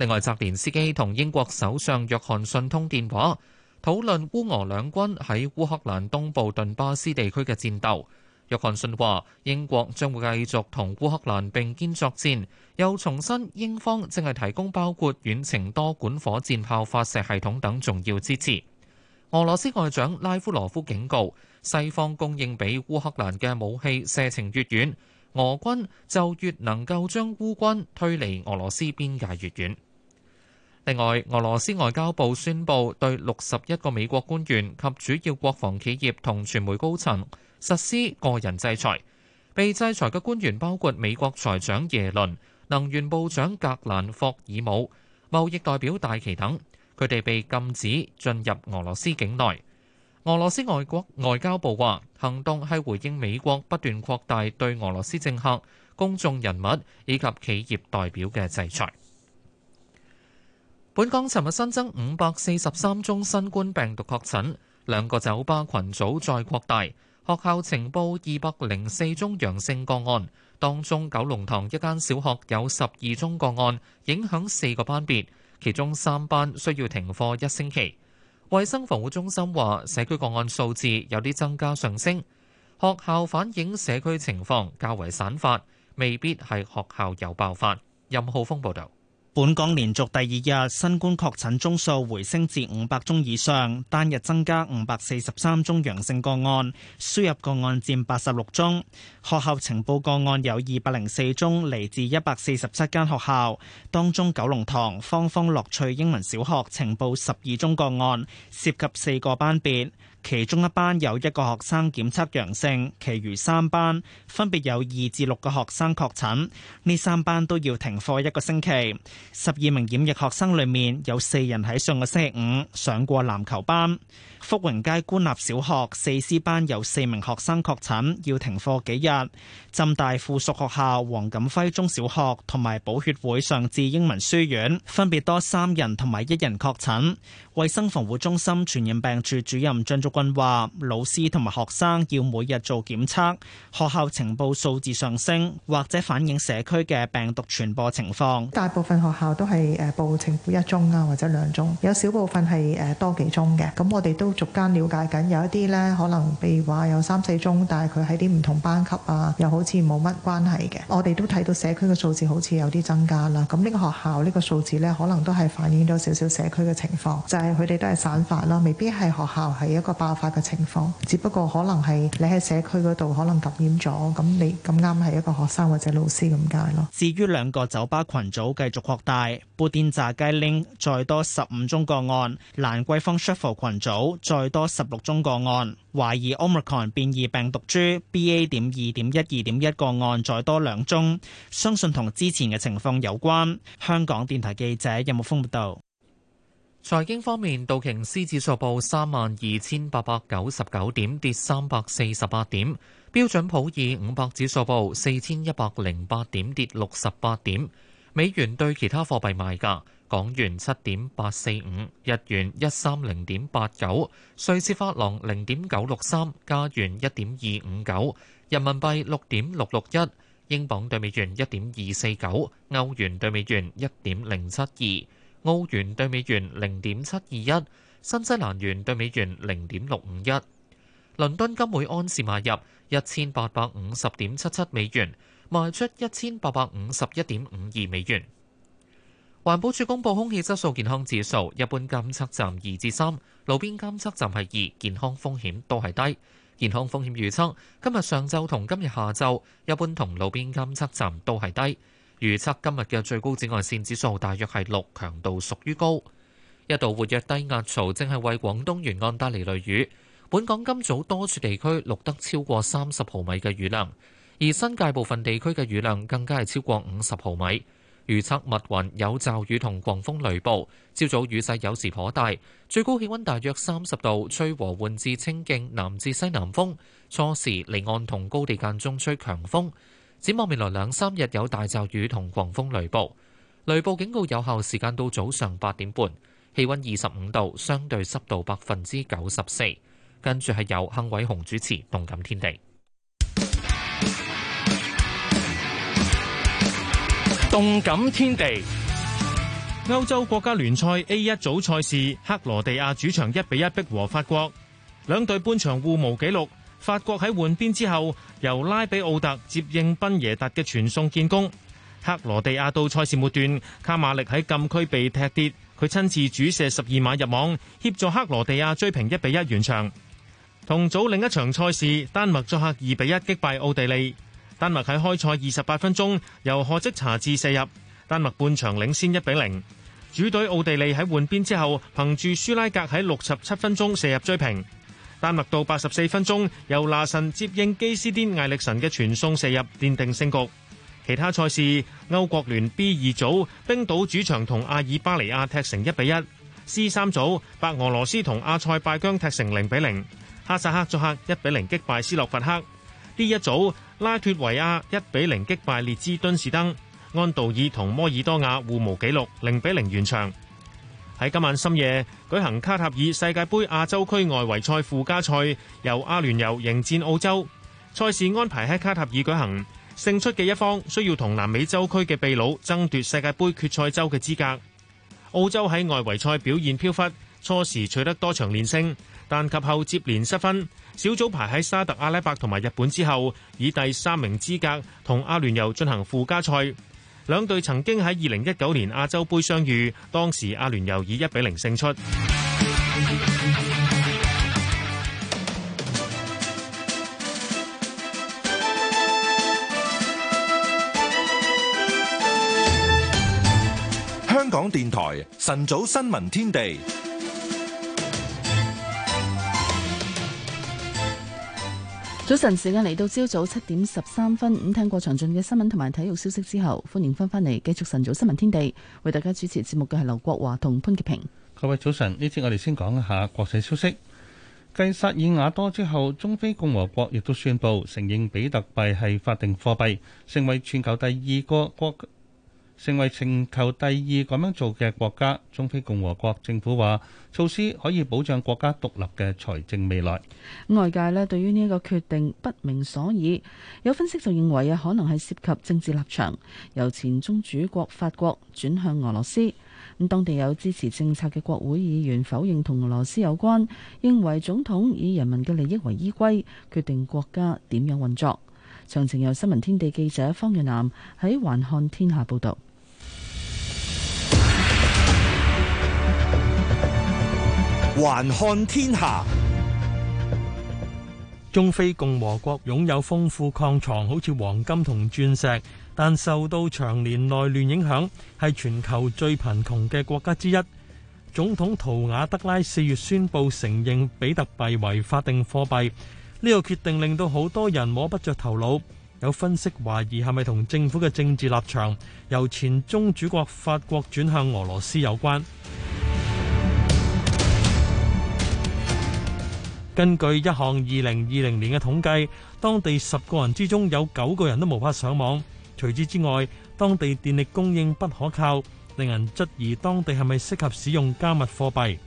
另外，澤連斯基同英國首相約翰遜通電話，討論烏俄兩軍喺烏克蘭東部頓巴斯地區嘅戰鬥。約翰遜話：英國將會繼續同烏克蘭並肩作戰，又重申英方正係提供包括遠程多管火箭炮發射系統等重要支持。俄羅斯外長拉夫羅夫警告，西方供應俾烏克蘭嘅武器射程越遠，俄軍就越能夠將烏軍推離俄羅斯邊界越遠。另外，俄羅斯外交部宣布對六十一個美國官員及主要國防企業同傳媒高層實施個人制裁。被制裁嘅官員包括美國財長耶倫、能源部長格蘭霍爾姆、貿易代表戴琪等，佢哋被禁止進入俄羅斯境內。俄羅斯外國外交部話：行動係回應美國不斷擴大對俄羅斯政客、公眾人物以及企業代表嘅制裁。本港尋日新增五百四十三宗新冠病毒確診，兩個酒吧群組再擴大，學校呈報二百零四宗陽性個案，當中九龍塘一間小學有十二宗個案，影響四個班別，其中三班需要停課一星期。衛生防護中心話，社區個案數字有啲增加上升，學校反映社區情況較為散發，未必係學校有爆發。任浩峰報導。本港連續第二日新冠確診宗數回升至五百宗以上，單日增加五百四十三宗陽性個案，輸入個案佔八十六宗。學校呈報個案有二百零四宗，嚟自一百四十七間學校，當中九龍塘方方樂趣英文小學呈報十二宗個案，涉及四個班別。其中一班有一個學生檢測陽性，其餘三班分別有二至六個學生確診，呢三班都要停課一個星期。十二名染疫學生裏面有四人喺上個星期五上過籃球班。福榮街官立小學四 C 班有四名學生確診，要停課幾日。浸大附屬學校黃錦輝中小學同埋寶血會上智英文書院分別多三人同埋一人確診。衛生防護中心傳染病處主任張竹君話：老師同埋學生要每日做檢測，學校情報數字上升，或者反映社區嘅病毒傳播情況。大部分學校都係誒報政府一宗啊，或者兩宗，有少部分係誒多幾宗嘅。咁我哋都逐間了解緊，有一啲咧可能，譬如話有三四宗，但係佢喺啲唔同班級啊，又好似冇乜關係嘅。我哋都睇到社區嘅數字好似有啲增加啦。咁呢個學校個數呢個數字咧，可能都係反映咗少少社區嘅情況，就係、是。佢哋都係散發啦，未必係學校係一個爆發嘅情況，只不過可能係你喺社區嗰度可能感染咗，咁你咁啱係一個學生或者老師咁解咯。至於兩個酒吧群組繼續擴大，布甸炸雞 link 再多十五宗個案，蘭桂坊 Shuffle 群組再多十六宗個案，懷疑 Omicron 變異病毒株 BA. 點二點一二點一個案再多兩宗，相信同之前嘅情況有關。香港電台記者任木峯報道。財經方面，道瓊斯指數報三萬二千八百九十九點，跌三百四十八點；標準普爾五百指數報四千一百零八點，跌六十八點。美元對其他貨幣賣價：港元七點八四五，日元一三零點八九，瑞士法郎零點九六三，加元一點二五九，人民幣六點六六一，英鎊對美元一點二四九，歐元對美元一點零七二。澳元兌美元零點七二一，新西蘭元兌美元零點六五一，倫敦金每安士買入一千八百五十點七七美元，賣出一千八百五十一點五二美元。環保署公布空氣質素健康指數一般監測站二至三，路邊監測站係二，健康風險都係低。健康風險預測今日上晝同今日下晝一般同路邊監測站都係低。預測今日嘅最高紫外線指數大約係六，強度屬於高。一道活躍低壓槽正係為廣東沿岸帶嚟雷雨，本港今早多處地區錄得超過三十毫米嘅雨量，而新界部分地區嘅雨量更加係超過五十毫米。預測密雲有驟雨同狂風雷暴，朝早雨勢有時頗大，最高氣温大約三十度，吹和緩至清勁南至西南風，初時離岸同高地間中吹強風。展望未來兩三日有大驟雨同狂風雷暴，雷暴警告有效時間到早上八點半。氣温二十五度，相對濕度百分之九十四。跟住係由幸偉雄主持《動感天地》。動感天地。歐洲國家聯賽 A 一組賽事，克羅地亞主場一比一逼和法國，兩隊半場互無紀錄。法國喺換邊之後，由拉比奧特接應賓耶達嘅傳送建功。克羅地亞到賽事末段，卡馬力喺禁區被踢跌，佢親自主射十二碼入網，協助克羅地亞追平一比一完場。同組另一場賽事，丹麥作客二比一擊敗奧地利。丹麥喺開賽二十八分鐘由賀積查治射入，丹麥半場領先一比零。主隊奧地利喺換邊之後，憑住舒拉格喺六十七分鐘射入追平。丹麥到八十四分鐘，由拿神接應基斯丁艾力神嘅傳送射入，奠定勝局。其他賽事，歐國聯 B 二組冰島主場同阿爾巴尼亞踢成一比一；C 三組白俄羅斯同阿塞拜疆踢成零比零；哈薩克作客一比零擊敗斯洛伐克。D 一組拉脱維亞一比零擊敗列支敦士登；安道爾同摩爾多瓦互無紀錄零比零完場。喺今晚深夜舉行卡塔爾世界盃亞洲區外圍賽附加賽，由阿聯酋迎戰澳洲。賽事安排喺卡塔爾舉行，勝出嘅一方需要同南美洲區嘅秘魯爭奪世界盃決賽周嘅資格。澳洲喺外圍賽表現飄忽，初時取得多場連勝，但及後接連失分，小組排喺沙特阿拉伯同埋日本之後，以第三名資格同阿聯酋進行附加賽。兩隊曾經喺二零一九年亞洲杯相遇，當時阿聯酋以一比零勝出。香港電台晨早新聞天地。早晨時間嚟到朝早七點十三分，咁聽過詳盡嘅新聞同埋體育消息之後，歡迎翻返嚟繼續晨早新聞天地，為大家主持節目嘅係劉國華同潘潔平。各位早晨，呢次我哋先講一下國際消息，繼薩爾瓦多之後，中非共和國亦都宣布承認比特幣係法定貨幣，成為全球第二個國。成為全球第二咁樣做嘅國家，中非共和國政府話措施可以保障國家獨立嘅財政未來。外界咧對於呢一個決定不明所以，有分析就認為啊，可能係涉及政治立場，由前宗主國法國轉向俄羅斯。咁當地有支持政策嘅國會議員否認同俄羅斯有關，認為總統以人民嘅利益為依歸，決定國家點樣運作。詳情由新聞天地記者方日南喺環看天下報導。還看天下，中非共和國擁有豐富礦床，好似黃金同鑽石，但受到長年內亂影響，係全球最貧窮嘅國家之一。總統圖瓦德拉四月宣佈承認比特幣為法定貨幣，呢個決定令到好多人摸不着頭腦。有分析懷疑係咪同政府嘅政治立場由前宗主國法國轉向俄羅斯有關。根據一項二零二零年嘅統計，當地十個人之中有九個人都無法上網。除此之外，當地電力供應不可靠，令人質疑當地係咪適合使用加密貨幣。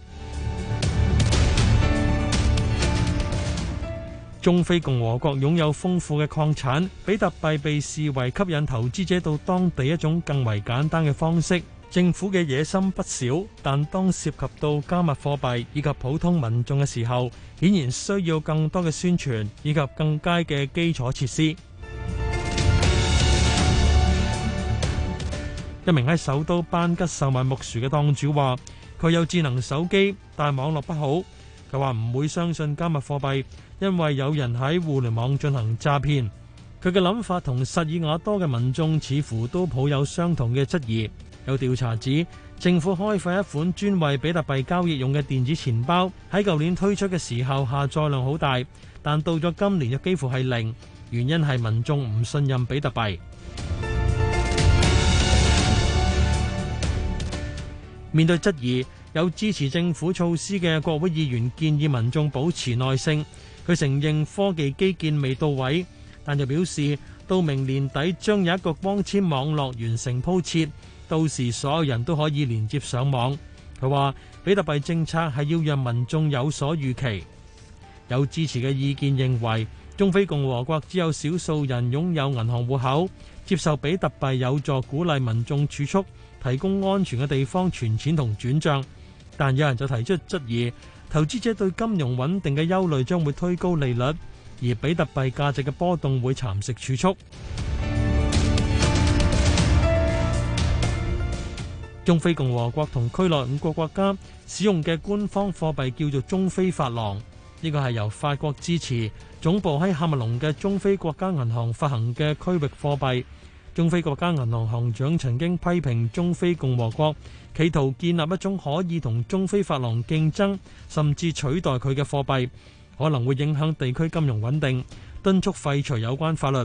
中非共和國擁有豐富嘅礦產，比特幣被視為吸引投資者到當地一種更為簡單嘅方式。政府嘅野心不少，但當涉及到加密貨幣以及普通民眾嘅時候，顯然需要更多嘅宣傳以及更佳嘅基礎設施。一名喺首都班吉售賣木薯嘅檔主話：佢有智能手機，但網絡不好。佢話唔會相信加密貨幣，因為有人喺互聯網進行詐騙。佢嘅諗法同薩爾瓦多嘅民眾似乎都抱有相同嘅質疑。有調查指，政府開發一款專為比特幣交易用嘅電子錢包喺舊年推出嘅時候下載量好大，但到咗今年就幾乎係零。原因係民眾唔信任比特幣。面對質疑，有支持政府措施嘅國會議員建議民眾保持耐性。佢承認科技基建未到位，但又表示到明年底將有一個光纖網絡完成鋪設。到時所有人都可以連接上網。佢話比特幣政策係要讓民眾有所預期。有支持嘅意見認為，中非共和國只有少數人擁有銀行戶口，接受比特幣有助鼓勵民眾儲蓄，提供安全嘅地方存錢同轉賬。但有人就提出質疑，投資者對金融穩定嘅憂慮將會推高利率，而比特幣價值嘅波動會蠶食儲蓄。中非共和國同區內五個國家使用嘅官方貨幣叫做中非法郎，呢個係由法國支持、總部喺喀麥隆嘅中非國家銀行發行嘅區域貨幣。中非國家銀行行長曾經批評中非共和國企圖建立一種可以同中非法郎競爭，甚至取代佢嘅貨幣，可能會影響地區金融穩定，敦促廢除有關法律。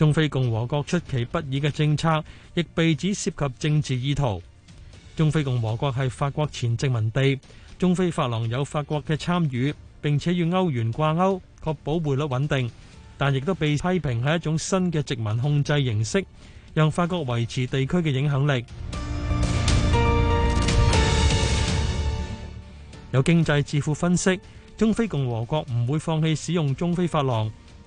中非共和國出其不意嘅政策，亦被指涉及政治意圖。中非共和國係法國前殖民地，中非法郎有法國嘅參與，並且與歐元掛鈎，確保匯率穩定。但亦都被批評係一種新嘅殖民控制形式，讓法國維持地區嘅影響力。有經濟智庫分析，中非共和國唔會放棄使用中非法郎。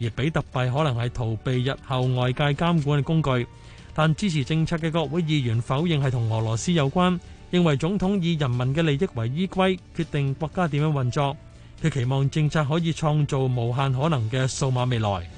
而比特幣可能係逃避日後外界監管嘅工具，但支持政策嘅國會議員否認係同俄羅斯有關，認為總統以人民嘅利益為依歸，決定國家點樣運作。佢期望政策可以創造無限可能嘅數碼未來。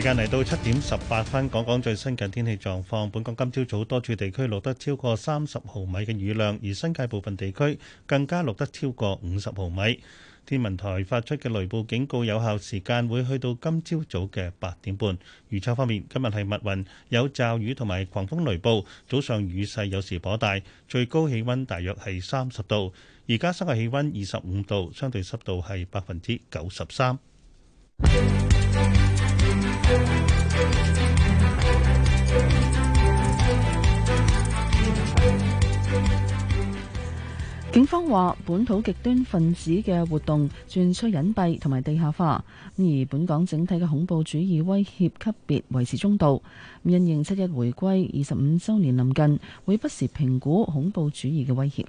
時間嚟到七點十八分，講講最新嘅天氣狀況。本港今朝早多處地區錄得超過三十毫米嘅雨量，而新界部分地區更加錄得超過五十毫米。天文台發出嘅雷暴警告有效時間會去到今朝早嘅八點半。預測方面，今日係密雲，有驟雨同埋狂風雷暴，早上雨勢有時頗大，最高氣溫大約係三十度，而家室外氣溫二十五度，相對濕度係百分之九十三。警方話，本土極端分子嘅活動轉趨隱蔽同埋地下化，而本港整體嘅恐怖主義威脅級別維持中度。因應七一回歸二十五週年臨近，會不時評估恐怖主義嘅威脅。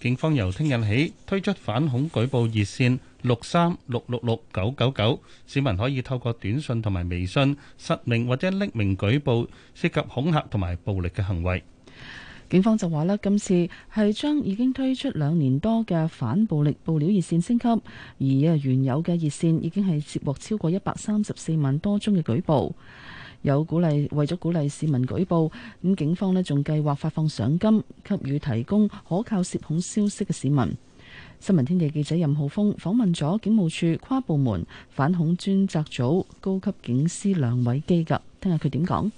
警方由聽日起推出反恐舉報熱線，六三六六六九九九，市民可以透過短信同埋微信實名或者匿名舉報涉及恐嚇同埋暴力嘅行為。警方就話咧，今次係將已經推出兩年多嘅反暴力報料熱線升級，而啊原有嘅熱線已經係接獲超過一百三十四萬多宗嘅舉報。有鼓勵為咗鼓勵市民舉報，咁警方咧仲計劃發放賞金，給予提供可靠涉恐消息嘅市民。新聞天地記者任浩峰訪問咗警務處跨部門反恐專責組高級警司梁偉基噶，聽下佢點講？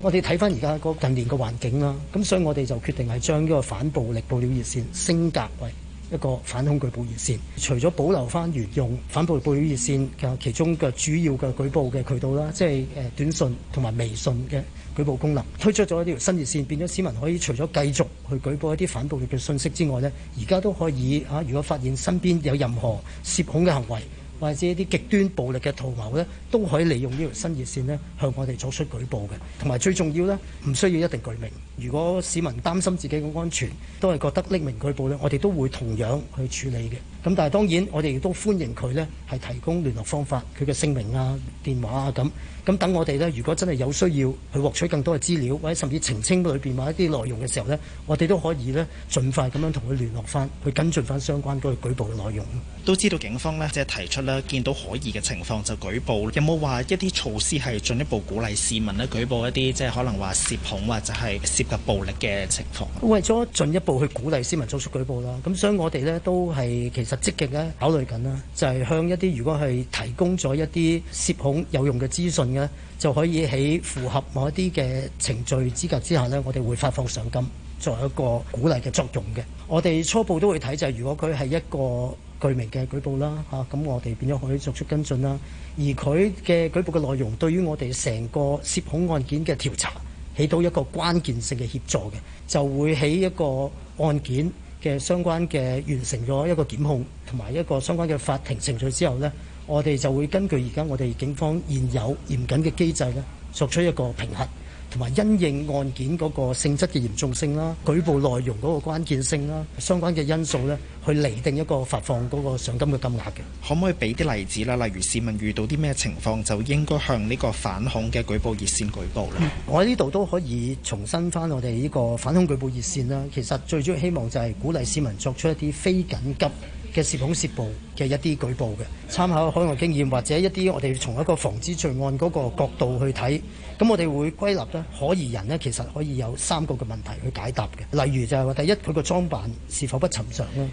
我哋睇翻而家嗰近年嘅環境啦，咁所以我哋就決定係將呢個反暴力報料熱線升格為一個反恐舉報熱線，除咗保留翻原用反暴力報料熱線嘅其中嘅主要嘅舉報嘅渠道啦，即係誒短信同埋微信嘅。舉報功能推出咗呢條新熱線，變咗市民可以除咗繼續去舉報一啲反暴力嘅信息之外呢，而家都可以㗎。如果發現身邊有任何涉恐嘅行為，或者一啲極端暴力嘅圖謀呢，都可以利用呢條新熱線呢向我哋作出舉報嘅。同埋最重要呢，唔需要一定具名。如果市民擔心自己嘅安全，都係覺得匿名舉報呢，我哋都會同樣去處理嘅。咁但係當然，我哋亦都歡迎佢呢係提供聯絡方法、佢嘅姓名啊、電話啊咁。咁等我哋咧，如果真係有需要去獲取更多嘅資料，或者甚至澄清裏邊某一啲內容嘅時候呢，我哋都可以呢盡快咁樣同佢聯絡翻，去跟進翻相關嗰個舉報嘅內容。都知道警方呢，即係提出咧，見到可疑嘅情況就舉報，有冇話一啲措施係進一步鼓勵市民呢舉報一啲即係可能話涉恐或者係涉及暴力嘅情況？為咗進一步去鼓勵市民作出舉報啦，咁所以我哋呢都係其實積極咧考慮緊啦，就係向一啲如果係提供咗一啲涉恐有用嘅資訊。就可以喺符合某一啲嘅程序資格之下呢，我哋會發放賞金，作為一個鼓勵嘅作用嘅。我哋初步都會睇就係、是、如果佢係一個具名嘅舉報啦，吓、啊，咁我哋變咗可以作出跟進啦。而佢嘅舉報嘅內容，對於我哋成個涉恐案件嘅調查，起到一個關鍵性嘅協助嘅，就會喺一個案件嘅相關嘅完成咗一個檢控同埋一個相關嘅法庭程序之後呢。我哋就會根據而家我哋警方現有嚴謹嘅機制咧，作出一個評核，同埋因應案件嗰個性質嘅嚴重性啦、舉報內容嗰個關鍵性啦、相關嘅因素呢，去釐定一個發放嗰個賞金嘅金額嘅。可唔可以俾啲例子啦？例如市民遇到啲咩情況就應該向呢個反恐嘅舉報熱線舉報咧？我喺呢度都可以重申翻我哋呢個反恐舉報熱線啦。其實最主要希望就係鼓勵市民作出一啲非緊急嘅涉恐涉暴嘅一啲舉報，嘅參考海外經驗，或者一啲我哋從一個防止罪案嗰個角度去睇，咁我哋會歸納咧，可疑人咧，其實可以有三個嘅問題去解答嘅，例如就係話第一，佢個裝扮是否不尋常咧，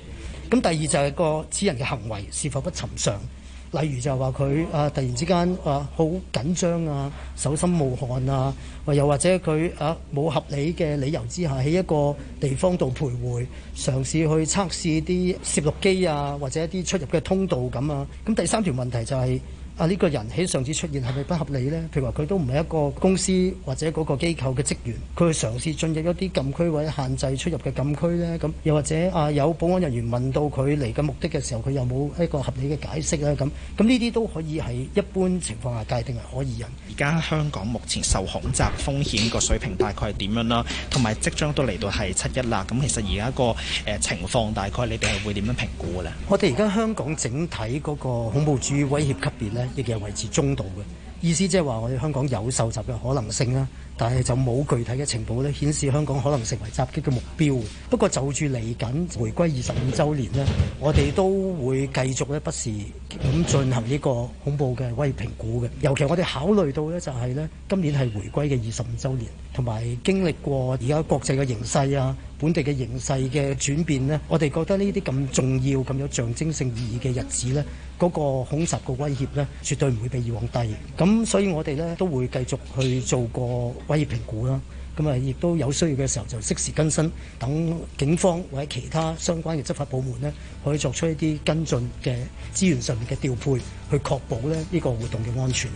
咁第二就係個此人嘅行為是否不尋常。例如就係話佢啊，突然之間啊，好緊張啊，手心冒汗啊，或又或者佢啊，冇合理嘅理由之下喺一個地方度徘徊，嘗試去測試啲攝錄機啊，或者一啲出入嘅通道咁啊。咁第三條問題就係、是。啊！呢個人喺上次出現係咪不，不合理呢？譬如話佢都唔係一個公司或者嗰個機構嘅職員，佢去嘗試進入一啲禁區或者限制出入嘅禁區呢。咁又或者啊有保安人員問到佢嚟嘅目的嘅時候，佢有冇一個合理嘅解釋呢？咁咁呢啲都可以係一般情況下界定係可疑人。而家香港目前受恐襲風險個水平大概係點樣啦？同埋即將都嚟到係七一啦。咁其實而家一個誒情況大概你哋係會點樣評估㗎呢？我哋而家香港整體嗰個恐怖主義威脅級別呢。亦係維持中度嘅意思，即係話我哋香港有受襲嘅可能性啦，但係就冇具體嘅情報咧，顯示香港可能成為襲擊嘅目標。不過就住嚟緊回歸二十五週年咧，我哋都會繼續咧不時咁進行呢個恐怖嘅威脅評估嘅。尤其我哋考慮到咧，就係咧今年係回歸嘅二十五週年。同埋經歷過而家國際嘅形勢啊，本地嘅形勢嘅轉變咧，我哋覺得呢啲咁重要，咁有象徵性意義嘅日子咧，嗰個恐襲嘅威脅咧，絕對唔會比以往低。咁所以我哋咧都會繼續去做個威脅評估啦。咁啊，亦都有需要嘅時候就適時更新，等警方或者其他相關嘅執法部門咧，可以作出一啲跟進嘅資源上面嘅調配，去確保咧呢個活動嘅安全。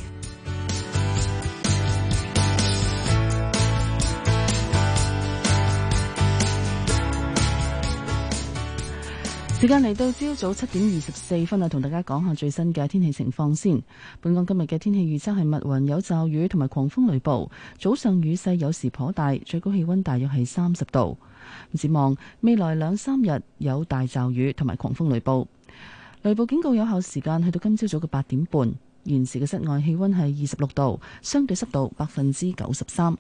時間嚟到朝早七點二十四分啦，同大家講下最新嘅天氣情況先。本港今日嘅天氣預測係密雲有驟雨同埋狂風雷暴，早上雨勢有時頗大，最高氣溫大約係三十度。展望未來兩三日有大驟雨同埋狂風雷暴，雷暴警告有效時間去到今朝早嘅八點半。現時嘅室外氣溫係二十六度，相對濕度百分之九十三。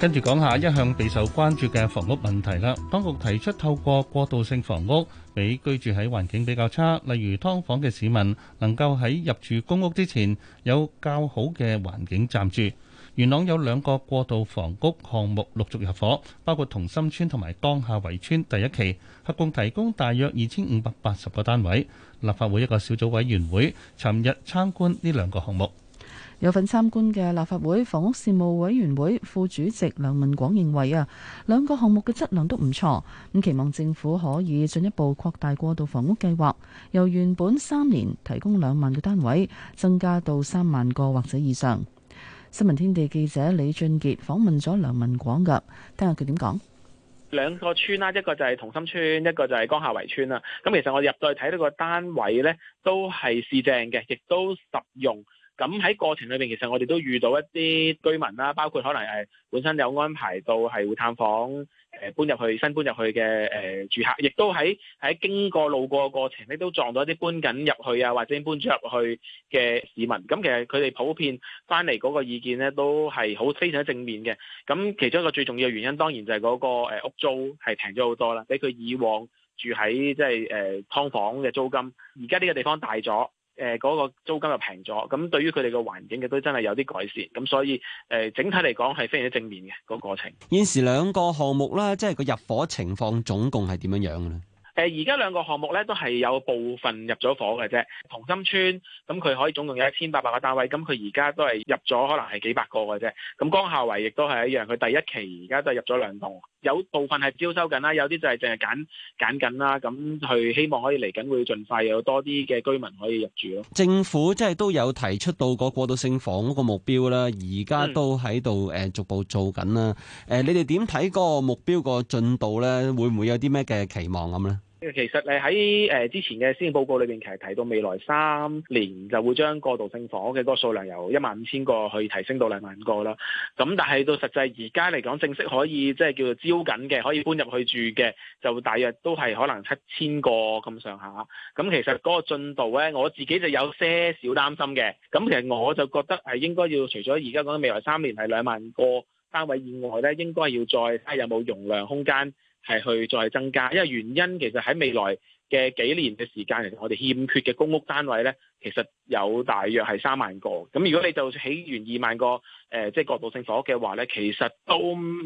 跟住講下一向備受關注嘅房屋問題啦。當局提出透過過渡性房屋，俾居住喺環境比較差，例如劏房嘅市民，能夠喺入住公屋之前，有較好嘅環境暫住。元朗有兩個過渡房屋項目陸續入伙，包括同心村同埋江夏圍村第一期，合共提供大約二千五百八十個單位。立法會一個小組委員會尋日參觀呢兩個項目。有份參觀嘅立法會房屋事務委員會副主席梁文廣認為啊，兩個項目嘅質量都唔錯，咁期望政府可以進一步擴大過渡房屋計劃，由原本三年提供兩萬個單位，增加到三萬個或者以上。新聞天地記者李俊傑訪問咗梁文廣㗎，聽下佢點講。兩個村啦，一個就係同心村，一個就係江夏圍村啦。咁其實我入到去睇到個單位呢，都係四正嘅，亦都實用。咁喺過程裏邊，其實我哋都遇到一啲居民啦，包括可能誒、呃、本身有安排到係會探訪誒搬入去新搬入去嘅誒、呃、住客，亦都喺喺經過路過嘅過程，咧都撞到一啲搬緊入去啊，或者搬咗入去嘅市民。咁其實佢哋普遍翻嚟嗰個意見咧，都係好非常正面嘅。咁其中一個最重要嘅原因，當然就係嗰個屋租係平咗好多啦，比佢以往住喺即係劏房嘅租金，而家呢個地方大咗。誒嗰、呃嗰個租金又平咗，咁對於佢哋個環境亦都真係有啲改善，咁所以誒、呃、整體嚟講係非常之正面嘅、嗰個過程。現時兩個項目啦，即係個入伙情況總共係點樣樣嘅咧？誒而家兩個項目咧都係有部分入咗夥嘅啫，同心村咁佢可以總共有一千八百個單位，咁佢而家都係入咗可能係幾百個嘅啫。咁江夏圍亦都係一樣，佢第一期而家都係入咗兩棟，有部分係招收緊啦，有啲就係淨係揀揀緊啦，咁佢希望可以嚟緊會盡快有多啲嘅居民可以入住咯。政府即係都有提出到個過渡性房屋、嗯、個目標啦，而家都喺度誒逐步做緊啦。誒你哋點睇個目標個進度咧？會唔會有啲咩嘅期望咁咧？其實你喺誒之前嘅施政報告裏邊，其實提到未來三年就會將過渡性房屋嘅嗰個數量由一萬五千個去提升到兩萬個啦。咁但係到實際而家嚟講，正式可以即係叫做招緊嘅，可以搬入去住嘅，就大約都係可能七千個咁上下。咁其實嗰個進度咧，我自己就有些少擔心嘅。咁其實我就覺得係應該要除咗而家講嘅未來三年係兩萬個單位以外咧，應該要再睇有冇容量空間。係去再增加，因為原因其實喺未來嘅幾年嘅時間，其實我哋欠缺嘅公屋單位呢。其實有大約係三萬個，咁如果你就起完二萬個誒、呃，即係過渡性房屋嘅話咧，其實都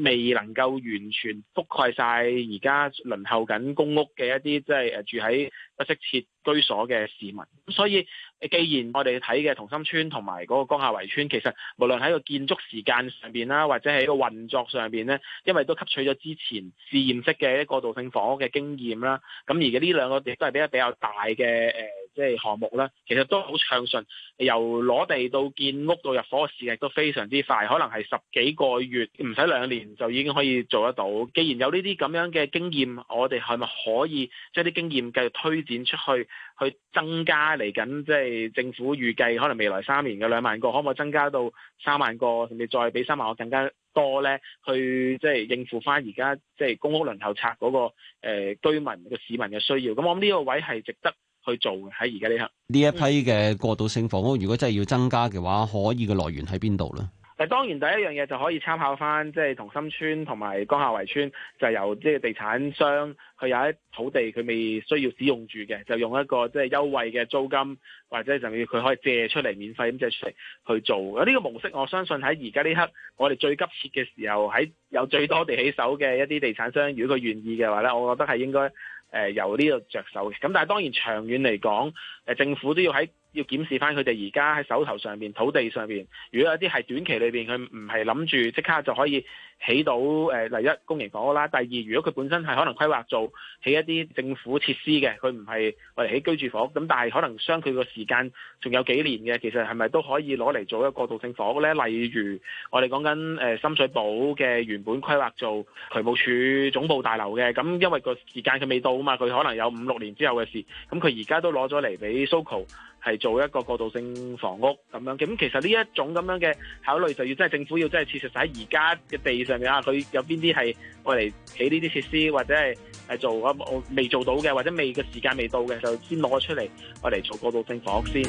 未能夠完全覆蓋晒而家輪候緊公屋嘅一啲即係誒住喺不適切居所嘅市民。咁所以，既然我哋睇嘅同心村同埋嗰個江夏圍村，其實無論喺個建築時間上邊啦，或者喺個運作上邊咧，因為都吸取咗之前試驗式嘅過渡性房屋嘅經驗啦，咁而家呢兩個亦都係比較比較大嘅誒。呃即係項目咧，其實都好暢順，由攞地到建屋到入伙嘅時間都非常之快，可能係十幾個月唔使兩年就已經可以做得到。既然有呢啲咁樣嘅經驗，我哋係咪可以將啲經驗繼續推展出去，去增加嚟緊即係政府預計可能未來三年嘅兩萬個，可唔可以增加到三萬個，甚至再比三萬個更加多咧？去即係應付翻而家即係公屋輪候冊嗰、那個居民個市民嘅需要。咁、嗯、我諗呢個位係值得。去做喺而家呢刻呢一批嘅過渡性房屋，如果真係要增加嘅話，可以嘅來源喺邊度咧？誒，當然第一樣嘢就可以參考翻，即係同心村同埋江夏圍村，就由即係地產商，佢有一土地佢未需要使用住嘅，就用一個即係優惠嘅租金，或者就要佢可以借出嚟，免費咁借出嚟去做。呢個模式我相信喺而家呢刻我哋最急切嘅時候，喺有最多地起手嘅一啲地產商，如果佢願意嘅話咧，我覺得係應該。誒、呃、由呢度着手嘅，咁但係當然長遠嚟講，誒、呃、政府都要喺要檢視翻佢哋而家喺手頭上邊土地上邊，如果有啲係短期裏邊，佢唔係諗住即刻就可以。起到誒，第一公營房屋啦；第二，如果佢本身係可能規劃做起一啲政府設施嘅，佢唔係我哋起居住房屋咁，但係可能相距個時間仲有幾年嘅，其實係咪都可以攞嚟做一個過渡性房屋呢？例如我哋講緊誒深水埗嘅原本規劃做渠務署總部大樓嘅，咁因為個時間佢未到啊嘛，佢可能有五六年之後嘅事，咁佢而家都攞咗嚟俾 Soco 係做一個過渡性房屋咁樣，咁其實呢一種咁樣嘅考慮，就要真係政府要真係設實實喺而家嘅地上。係咪啊？佢有邊啲係我哋起呢啲設施，或者係係做咁我未做到嘅，或者未嘅時間未到嘅，就先攞出嚟我哋做過渡性房屋先。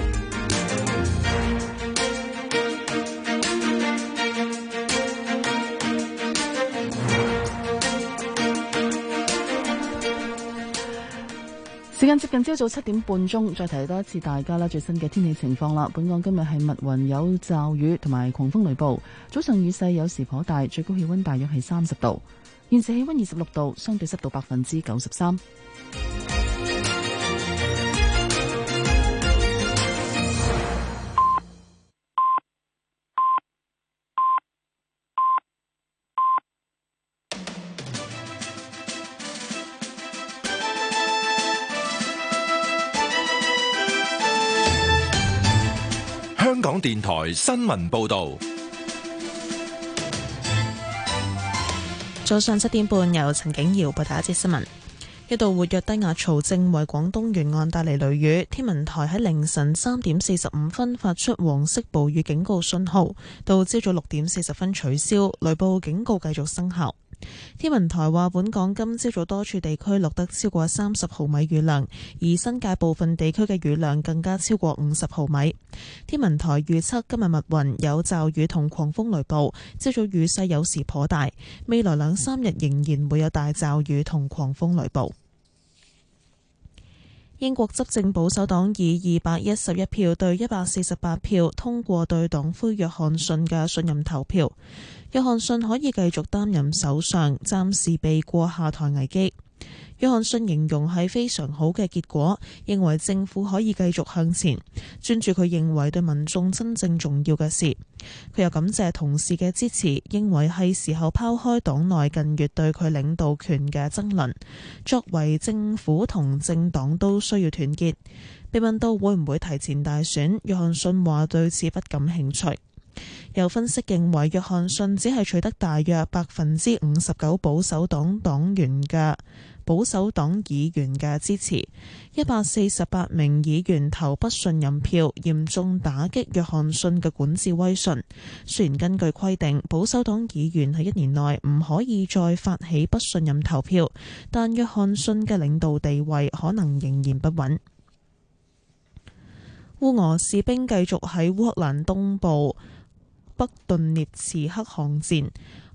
接近朝早七點半鐘，再提多一次大家啦，最新嘅天氣情況啦。本港今日係密雲有驟雨同埋狂風雷暴，早上雨勢有時頗大，最高氣溫大約係三十度，現時氣溫二十六度，相對濕度百分之九十三。香港電台新聞報道。早上七點半，由陳景堯報道一節新聞。一道活躍低壓槽正為廣東沿岸帶嚟雷雨，天文台喺凌晨三點四十五分發出黃色暴雨警告信號，到朝早六點四十分取消，雷暴警告繼續生效。天文台話，本港今朝早多處地區錄得超過三十毫米雨量，而新界部分地區嘅雨量更加超過五十毫米。天文台預測今日密雲有驟雨同狂風雷暴，朝早雨勢有時頗大。未來兩三日仍然會有大驟雨同狂風雷暴。英國執政保守黨以二百一十一票對一百四十八票通過對黨魁約翰遜嘅信任投票。約翰遜可以繼續擔任首相，暫時避過下台危機。約翰遜形容係非常好嘅結果，認為政府可以繼續向前，專注佢認為對民眾真正重要嘅事。佢又感謝同事嘅支持，認為係時候拋開黨內近月對佢領導權嘅爭論。作為政府同政黨都需要團結。被問到會唔會提前大選，約翰遜話對此不感興趣。有分析認為，約翰遜只係取得大約百分之五十九保守黨黨員嘅保守黨議員嘅支持，一百四十八名議員投不信任票，嚴重打擊約翰遜嘅管治威信。雖然根據規定，保守黨議員喺一年內唔可以再發起不信任投票，但約翰遜嘅領導地位可能仍然不穩。烏俄士兵繼續喺烏克蘭東部北頓涅茨克巷戰，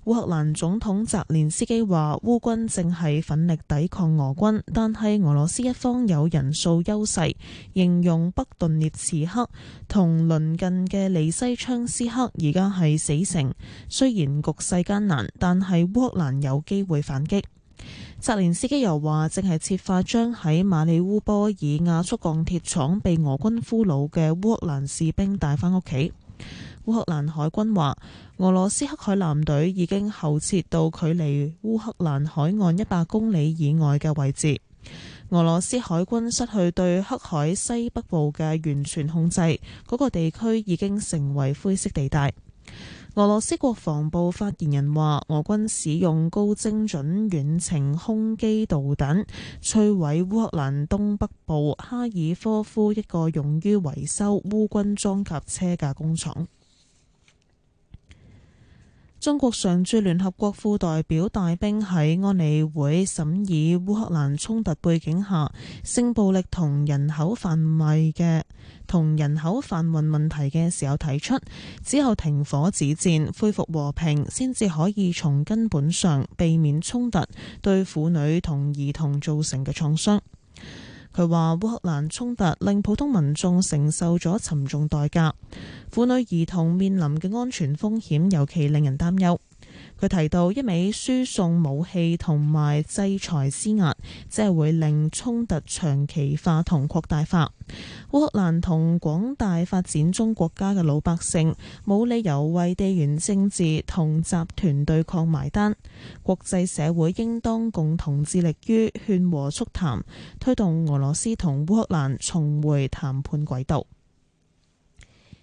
烏克蘭總統澤連斯基話烏軍正係奮力抵抗俄軍，但係俄羅斯一方有人數優勢。形容北頓涅茨克同鄰近嘅利西昌斯克而家係死城，雖然局勢艱難，但係烏克蘭有機會反擊。澤連斯基又話正係設法將喺馬里烏波爾亞速鋼鐵廠被俄軍俘虜嘅烏克蘭士兵帶返屋企。烏克蘭海軍話，俄羅斯黑海艦隊已經後撤到距離烏克蘭海岸一百公里以外嘅位置。俄羅斯海軍失去對黑海西北部嘅完全控制，嗰、那個地區已經成為灰色地帶。俄羅斯國防部發言人話，俄軍使用高精準遠程空機導彈摧毀烏克蘭東北部哈爾科夫一個用於維修烏軍裝甲車嘅工廠。中國常駐聯合國副代表戴兵喺安理會審議烏克蘭衝突背景下性暴力同人口販賣嘅同人口販運問題嘅時候提出，只有停火止戰、恢復和平，先至可以從根本上避免衝突對婦女同兒童造成嘅創傷。佢話：烏克蘭衝突令普通民眾承受咗沉重代價，婦女兒童面臨嘅安全風險尤其令人擔憂。佢提到，一味輸送武器同埋制裁施壓，即係會令衝突長期化同擴大化。烏克蘭同廣大發展中國家嘅老百姓，冇理由為地緣政治同集團對抗埋單。國際社會應當共同致力於勸和促談，推動俄羅斯同烏克蘭重回談判軌道。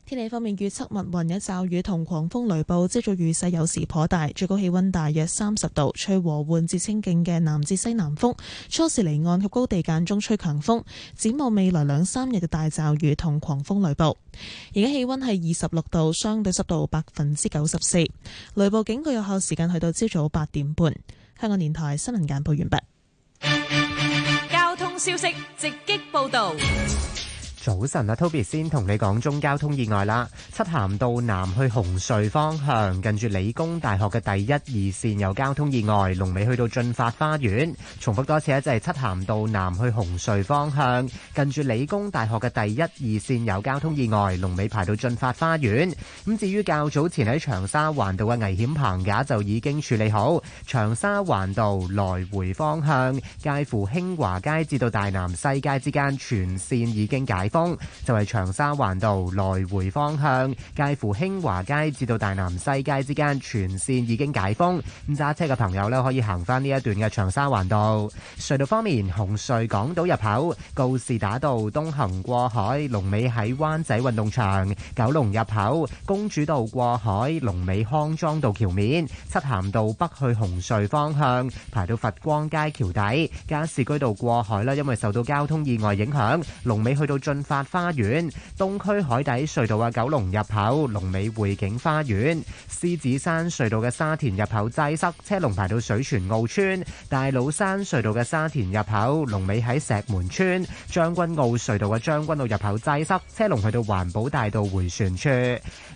天氣方面預測，密雲有驟雨，雨同狂風雷暴，朝早雨勢有時頗大，最高氣溫大約三十度，吹和緩至清勁嘅南至西南風，初時離岸及高地間中吹強風，展望未來兩三日嘅大驟雨同狂風雷暴。而家氣溫係二十六度，相對濕度百分之九十四，雷暴警告有效時間去到朝早八點半。香港電台新聞簡報完畢。交通消息直擊報道。早晨啊，Toby 先同你講中交通意外啦。漆咸道南去紅隧方向，近住理工大學嘅第一二線有交通意外，龍尾去到駿發花園。重複多次啊，就係，漆咸道南去紅隧方向，近住理工大學嘅第一二線有交通意外，龍尾排到駿發花園。咁至於較早前喺長沙環道嘅危險棚架就已經處理好，長沙環道來回方向，介乎興華街至到大南西街之間全線已經解封。就係長沙灣道來回方向，介乎興華街至到大南西街之間全線已經解封，咁揸車嘅朋友咧可以行返呢一段嘅長沙灣道。隧道方面，紅隧港島入口告士打道東行過海，龍尾喺灣仔運動場；九龍入口公主道過海，龍尾康莊道橋面；漆咸道北去紅隧方向，排到佛光街橋底；加士居道過海啦，因為受到交通意外影響，龍尾去到盡。發花園、東區海底隧道嘅九龍入口、龍尾匯景花園、獅子山隧道嘅沙田入口擠塞，車龍排到水泉澳村；大老山隧道嘅沙田入口龍尾喺石門村，將軍澳隧道嘅將軍澳入口擠塞，車龍去到環保大道回旋處。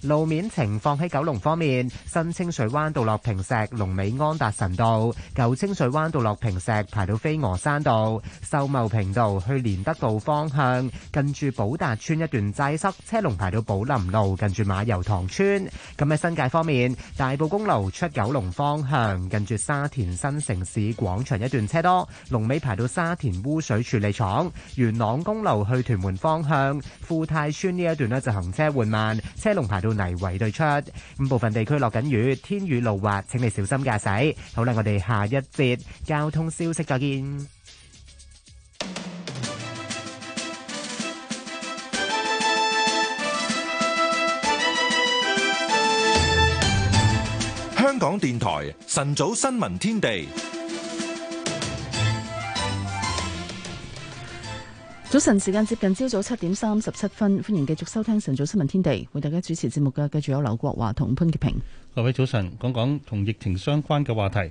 路面情況喺九龍方面，新清水灣道落坪石，龍尾安達臣道；舊清水灣道落坪石，排到飛鵝山道、秀茂坪道去連德道方向近。住寶達村一段擠塞，車龍排到寶林路，近住馬油塘村。咁喺新界方面，大埔公路出九龍方向，近住沙田新城市廣場一段車多，龍尾排到沙田污水處理廠。元朗公路去屯門方向，富泰村呢一段呢就行車緩慢，車龍排到泥圍對出。咁部分地區落緊雨，天雨路滑，請你小心駕駛。好啦，我哋下一節交通消息再見。香港電台晨早新聞天地，早晨時間接近朝早七點三十七分，歡迎繼續收聽晨早新聞天地，為大家主持節目嘅繼續有劉國華同潘潔平。各位早晨，講講同疫情相關嘅話題。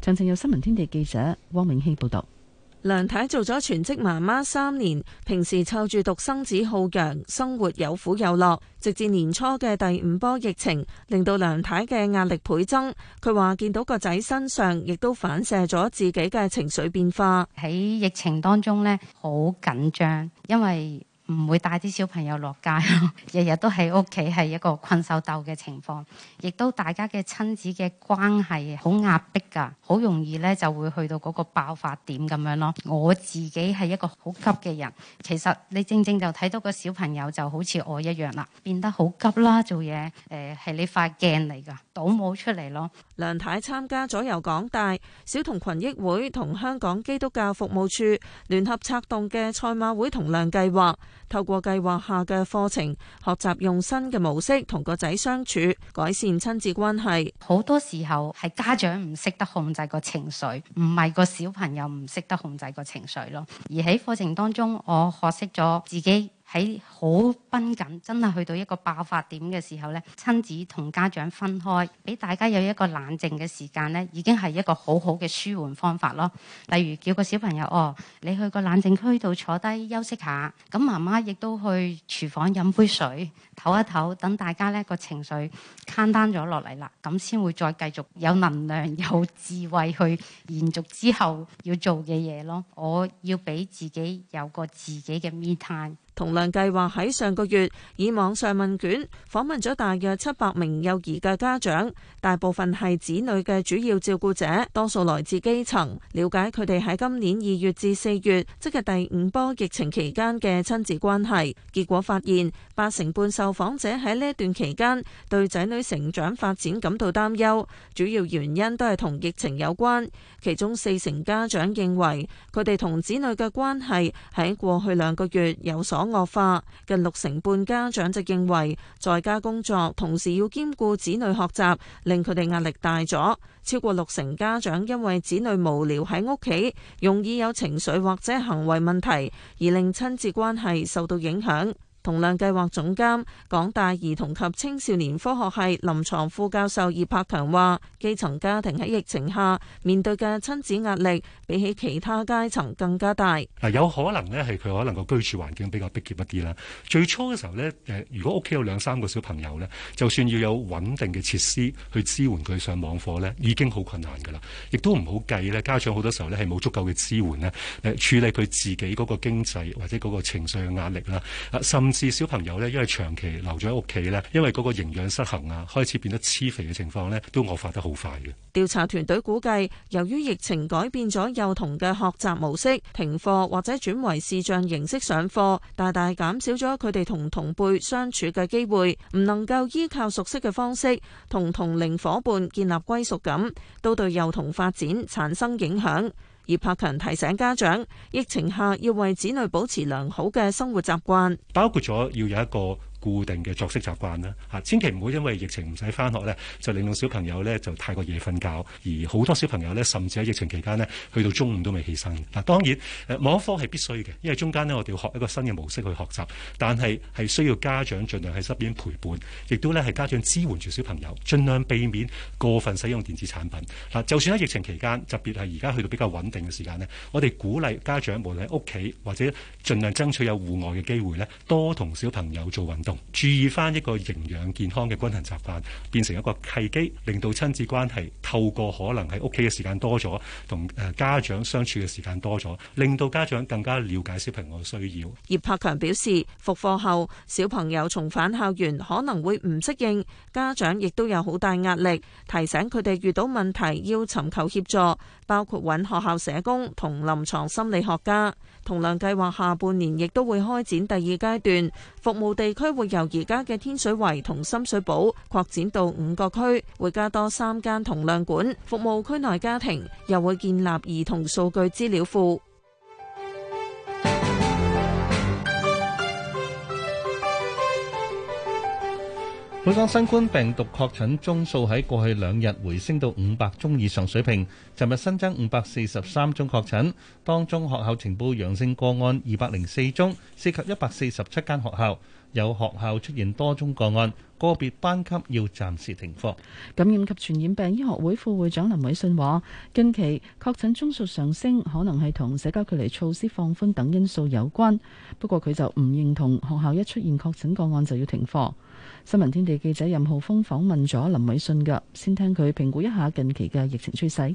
詳情有新聞天地記者汪永希報道，梁太做咗全職媽媽三年，平時湊住獨生子浩陽，生活有苦有樂。直至年初嘅第五波疫情，令到梁太嘅壓力倍增。佢話見到個仔身上，亦都反射咗自己嘅情緒變化。喺疫情當中呢，好緊張，因為，唔會帶啲小朋友落街咯，日 日都喺屋企係一個困獸鬥嘅情況，亦都大家嘅親子嘅關係好壓迫㗎，好容易呢就會去到嗰個爆發點咁樣咯。我自己係一個好急嘅人，其實你正正就睇到個小朋友就好似我一樣啦，變得好急啦，做嘢誒係你塊鏡嚟㗎。祖母出嚟咯。梁太參加咗由港大、小童群益會同香港基督教服務處聯合策動嘅賽馬會童亮計劃，透過計劃下嘅課程，學習用新嘅模式同個仔相處，改善親子關係。好多時候係家長唔識得控制個情緒，唔係個小朋友唔識得控制個情緒咯。而喺課程當中，我學識咗自己。喺好繃緊，真係去到一個爆發點嘅時候呢，親子同家長分開，俾大家有一個冷靜嘅時間呢，已經係一個好好嘅舒緩方法咯。例如叫個小朋友哦，你去個冷靜區度坐低休息下，咁媽媽亦都去廚房飲杯水，唞一唞，等大家呢個情緒 calm down 咗落嚟啦，咁先會再繼續有能量、有智慧去延續之後要做嘅嘢咯。我要俾自己有個自己嘅 me time。同量計劃喺上個月以網上問卷訪問咗大約七百名幼兒嘅家長，大部分係子女嘅主要照顧者，多數來自基層，了解佢哋喺今年二月至四月，即係第五波疫情期間嘅親子關係，結果發現八成半受訪者喺呢段期間對仔女成長發展感到擔憂，主要原因都係同疫情有關，其中四成家長認為佢哋同子女嘅關係喺過去兩個月有所惡化，近六成半家長就認為在家工作同時要兼顧子女學習，令佢哋壓力大咗。超過六成家長因為子女無聊喺屋企，容易有情緒或者行為問題，而令親子關係受到影響。同亮計劃總監、港大兒童及青少年科學系臨牀副教授葉柏強話：基層家庭喺疫情下面對嘅親子壓力，比起其他階層更加大。嗱，有可能咧係佢可能個居住環境比較逼仄一啲啦。最初嘅時候呢，誒，如果屋企有兩三個小朋友呢，就算要有穩定嘅設施去支援佢上網課呢，已經好困難噶啦。亦都唔好計咧，家長好多時候呢係冇足夠嘅支援呢，誒，處理佢自己嗰個經濟或者嗰個情緒嘅壓力啦，啊，甚。甚至小朋友呢，因為長期留咗喺屋企呢，因為嗰個營養失衡啊，開始變得痴肥嘅情況呢，都惡化得好快嘅。調查團隊估計，由於疫情改變咗幼童嘅學習模式，停課或者轉為視像形式上課，大大減少咗佢哋同同輩相處嘅機會，唔能夠依靠熟悉嘅方式同同齡夥伴建立歸屬感，都對幼童發展產生影響。葉柏強提醒家長，疫情下要為子女保持良好嘅生活習慣，包括咗要有一個。固定嘅作息習慣啦，嚇、啊、千祈唔好因為疫情唔使返學咧，就令到小朋友咧就太過夜瞓覺，而好多小朋友咧甚至喺疫情期間呢，去到中午都未起身嗱、啊，當然誒某一科係必須嘅，因為中間呢，我哋要學一個新嘅模式去學習，但係係需要家長盡量喺身邊陪伴，亦都咧係家長支援住小朋友，盡量避免過分使用電子產品。嗱、啊，就算喺疫情期間，特別係而家去到比較穩定嘅時間呢，我哋鼓勵家長無論喺屋企或者盡量爭取有戶外嘅機會咧，多同小朋友做運動。注意翻一個營養健康嘅均衡習慣，變成一個契機，令到親子關係透過可能喺屋企嘅時間多咗，同誒家長相處嘅時間多咗，令到家長更加了解小朋友嘅需要。葉柏強表示，復課後小朋友重返校園可能會唔適應，家長亦都有好大壓力。提醒佢哋遇到問題要尋求協助，包括揾學校社工同臨床心理學家。同量計劃下半年亦都會開展第二階段，服務地區會由而家嘅天水圍同深水埗擴展到五個區，會加多三間同量館，服務區內家庭，又會建立兒童數據資料庫。每港新冠病毒確診宗數喺過去兩日回升到五百宗以上水平。尋日新增五百四十三宗確診，當中學校呈報陽性個案二百零四宗，涉及一百四十七間學校，有學校出現多宗個案，個別班級要暫時停課。感染及傳染病醫學會副會長林偉信話：近期確診宗數上升，可能係同社交距離措施放寬等因素有關。不過佢就唔認同學校一出現確診個案就要停課。新聞天地記者任浩峰訪問咗林偉信噶，先聽佢評估一下近期嘅疫情趨勢。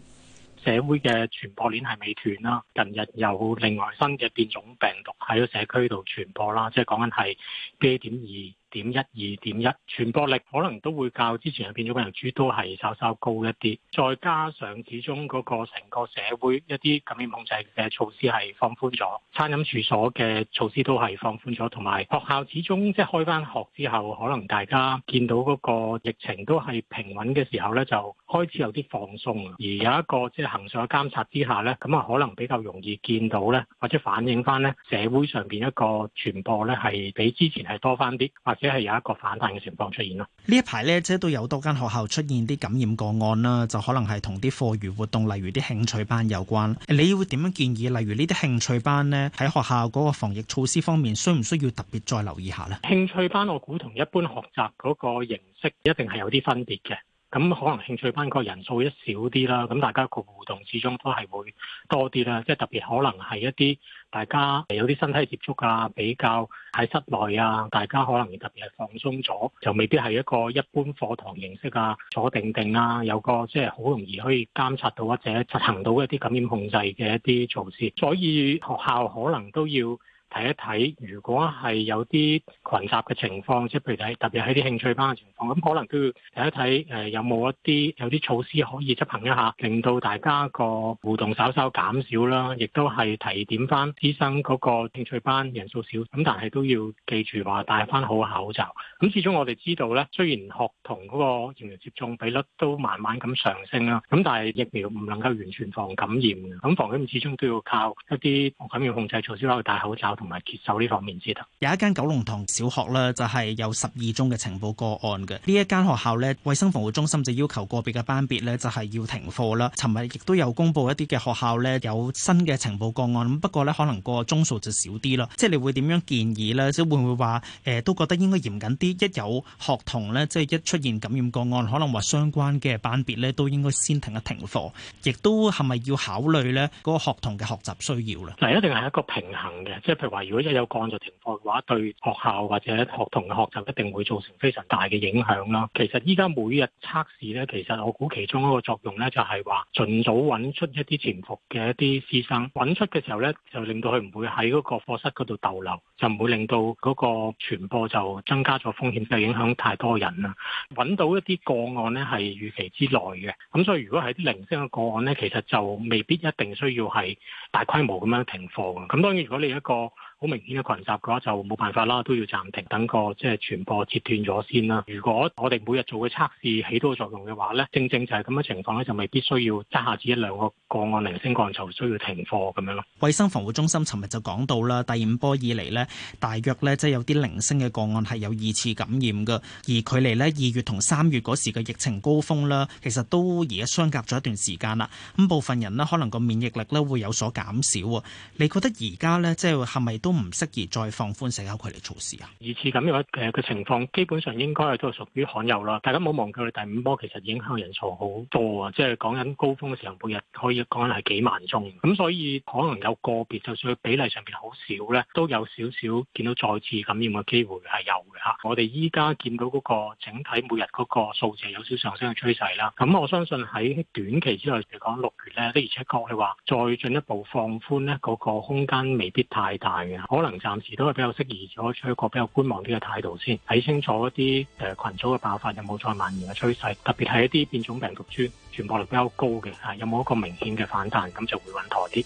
社會嘅傳播鏈係未斷啦，近日有另外新嘅變種病毒喺個社區度傳播啦，即係講緊係 B. 點二。點一二點一，1 1 傳播力可能都會較之前嘅變種病毒株都係稍稍高一啲，再加上始終嗰個成個社會一啲感染控制嘅措施係放寬咗，餐飲處所嘅措施都係放寬咗，同埋學校始終即係開翻學之後，可能大家見到嗰個疫情都係平穩嘅時候咧，就開始有啲放鬆，而有一個即係行上嘅監察之下咧，咁啊可能比較容易見到咧，或者反映翻咧社會上邊一個傳播咧係比之前係多翻啲，或。即係有一個反彈嘅情況出現咯。呢一排咧，即都有多間學校出現啲感染個案啦，就可能係同啲課餘活動，例如啲興趣班有關。你會點樣建議？例如呢啲興趣班咧，喺學校嗰個防疫措施方面，需唔需要特別再留意下咧？興趣班我估同一般學習嗰個形式一定係有啲分別嘅。咁可能興趣班個人數一少啲啦，咁大家個互動始終都係會多啲啦。即係特別可能係一啲大家有啲身體接觸啊，比較喺室內啊，大家可能特別係放鬆咗，就未必係一個一般課堂形式啊，坐定定啊，有個即係好容易可以監察到或者執行到一啲感染控制嘅一啲措施。所以學校可能都要，睇一睇，如果係有啲群集嘅情況，即係譬如睇特別係啲興趣班嘅情況，咁可能都要睇一睇，誒、呃、有冇一啲有啲措施可以執行一下，令到大家個互動稍稍減少啦，亦都係提點翻，醫生嗰個興趣班人數少，咁但係都要記住話戴翻好口罩。咁始終我哋知道咧，雖然學童嗰個疫苗接種比率都慢慢咁上升啦，咁但係疫苗唔能夠完全防感染，咁防感染始終都要靠一啲防感染控制措施，包括戴口罩。唔埋接收呢方面先有一間九龍塘小學呢，就係有十二宗嘅情報個案嘅。呢一間學校呢，衛生防護中心就要求個別嘅班別呢，就係要停課啦。尋日亦都有公布一啲嘅學校呢，有新嘅情報個案。咁不過呢，可能個宗數就少啲啦。即係你會點樣建議呢？即係會唔會話誒、呃，都覺得應該嚴謹啲。一有學童呢，即係一出現感染個案，可能話相關嘅班別呢，都應該先停一停課。亦都係咪要考慮呢嗰個學童嘅學習需要咧？嗱，一定係一個平衡嘅，即係譬話如果一有個案就停課嘅話，對學校或者學童嘅學習就一定會造成非常大嘅影響啦。其實依家每日測試咧，其實我估其中一個作用咧，就係話盡早揾出一啲潛伏嘅一啲師生，揾出嘅時候咧，就令到佢唔會喺嗰個課室嗰度逗留，就唔會令到嗰個傳播就增加咗風險，就影響太多人啦。揾到一啲個案咧係預期之內嘅，咁所以如果係啲零星嘅個案咧，其實就未必一定需要係大規模咁樣停課嘅。咁當然如果你一個好明顯嘅群集嘅話，就冇辦法啦，都要暫停，等個即係傳播切斷咗先啦。如果我哋每日做嘅測試起到作用嘅話呢正正就係咁嘅情況呢就未必需要揸下子一兩個個,個案零星個案就需要停課咁樣咯。衞生防護中心尋日就講到啦，第五波以嚟呢，大約呢，即、就、係、是、有啲零星嘅個案係有二次感染嘅，而距離呢，二月同三月嗰時嘅疫情高峰啦，其實都而家相隔咗一段時間啦。咁部分人呢，可能個免疫力呢會有所減少。你覺得而家呢，即係係咪都？唔適宜再放寬社交距離措施啊！二次感染嘅情況，基本上應該係都係屬於罕有啦。大家冇忘記第五波其實影響人數好多啊，即係講緊高峰嘅時候，每日可以講緊係幾萬宗。咁所以可能有個別，就算比例上邊好少咧，都有少少見到再次感染嘅機會係有嘅嚇。我哋依家見到嗰個整體每日嗰個數字有少上升嘅趨勢啦。咁我相信喺短期之內嚟講，六月咧，的而且確係話再進一步放寬咧，嗰個空間未必太大嘅。可能暫時都係比較適宜咗取一個比較觀望啲嘅態度先，睇清楚一啲誒、呃、群組嘅爆發有冇再蔓延嘅趨勢，特別係一啲變種病毒株傳播率比較高嘅，吓有冇一個明顯嘅反彈，咁就會穩妥啲。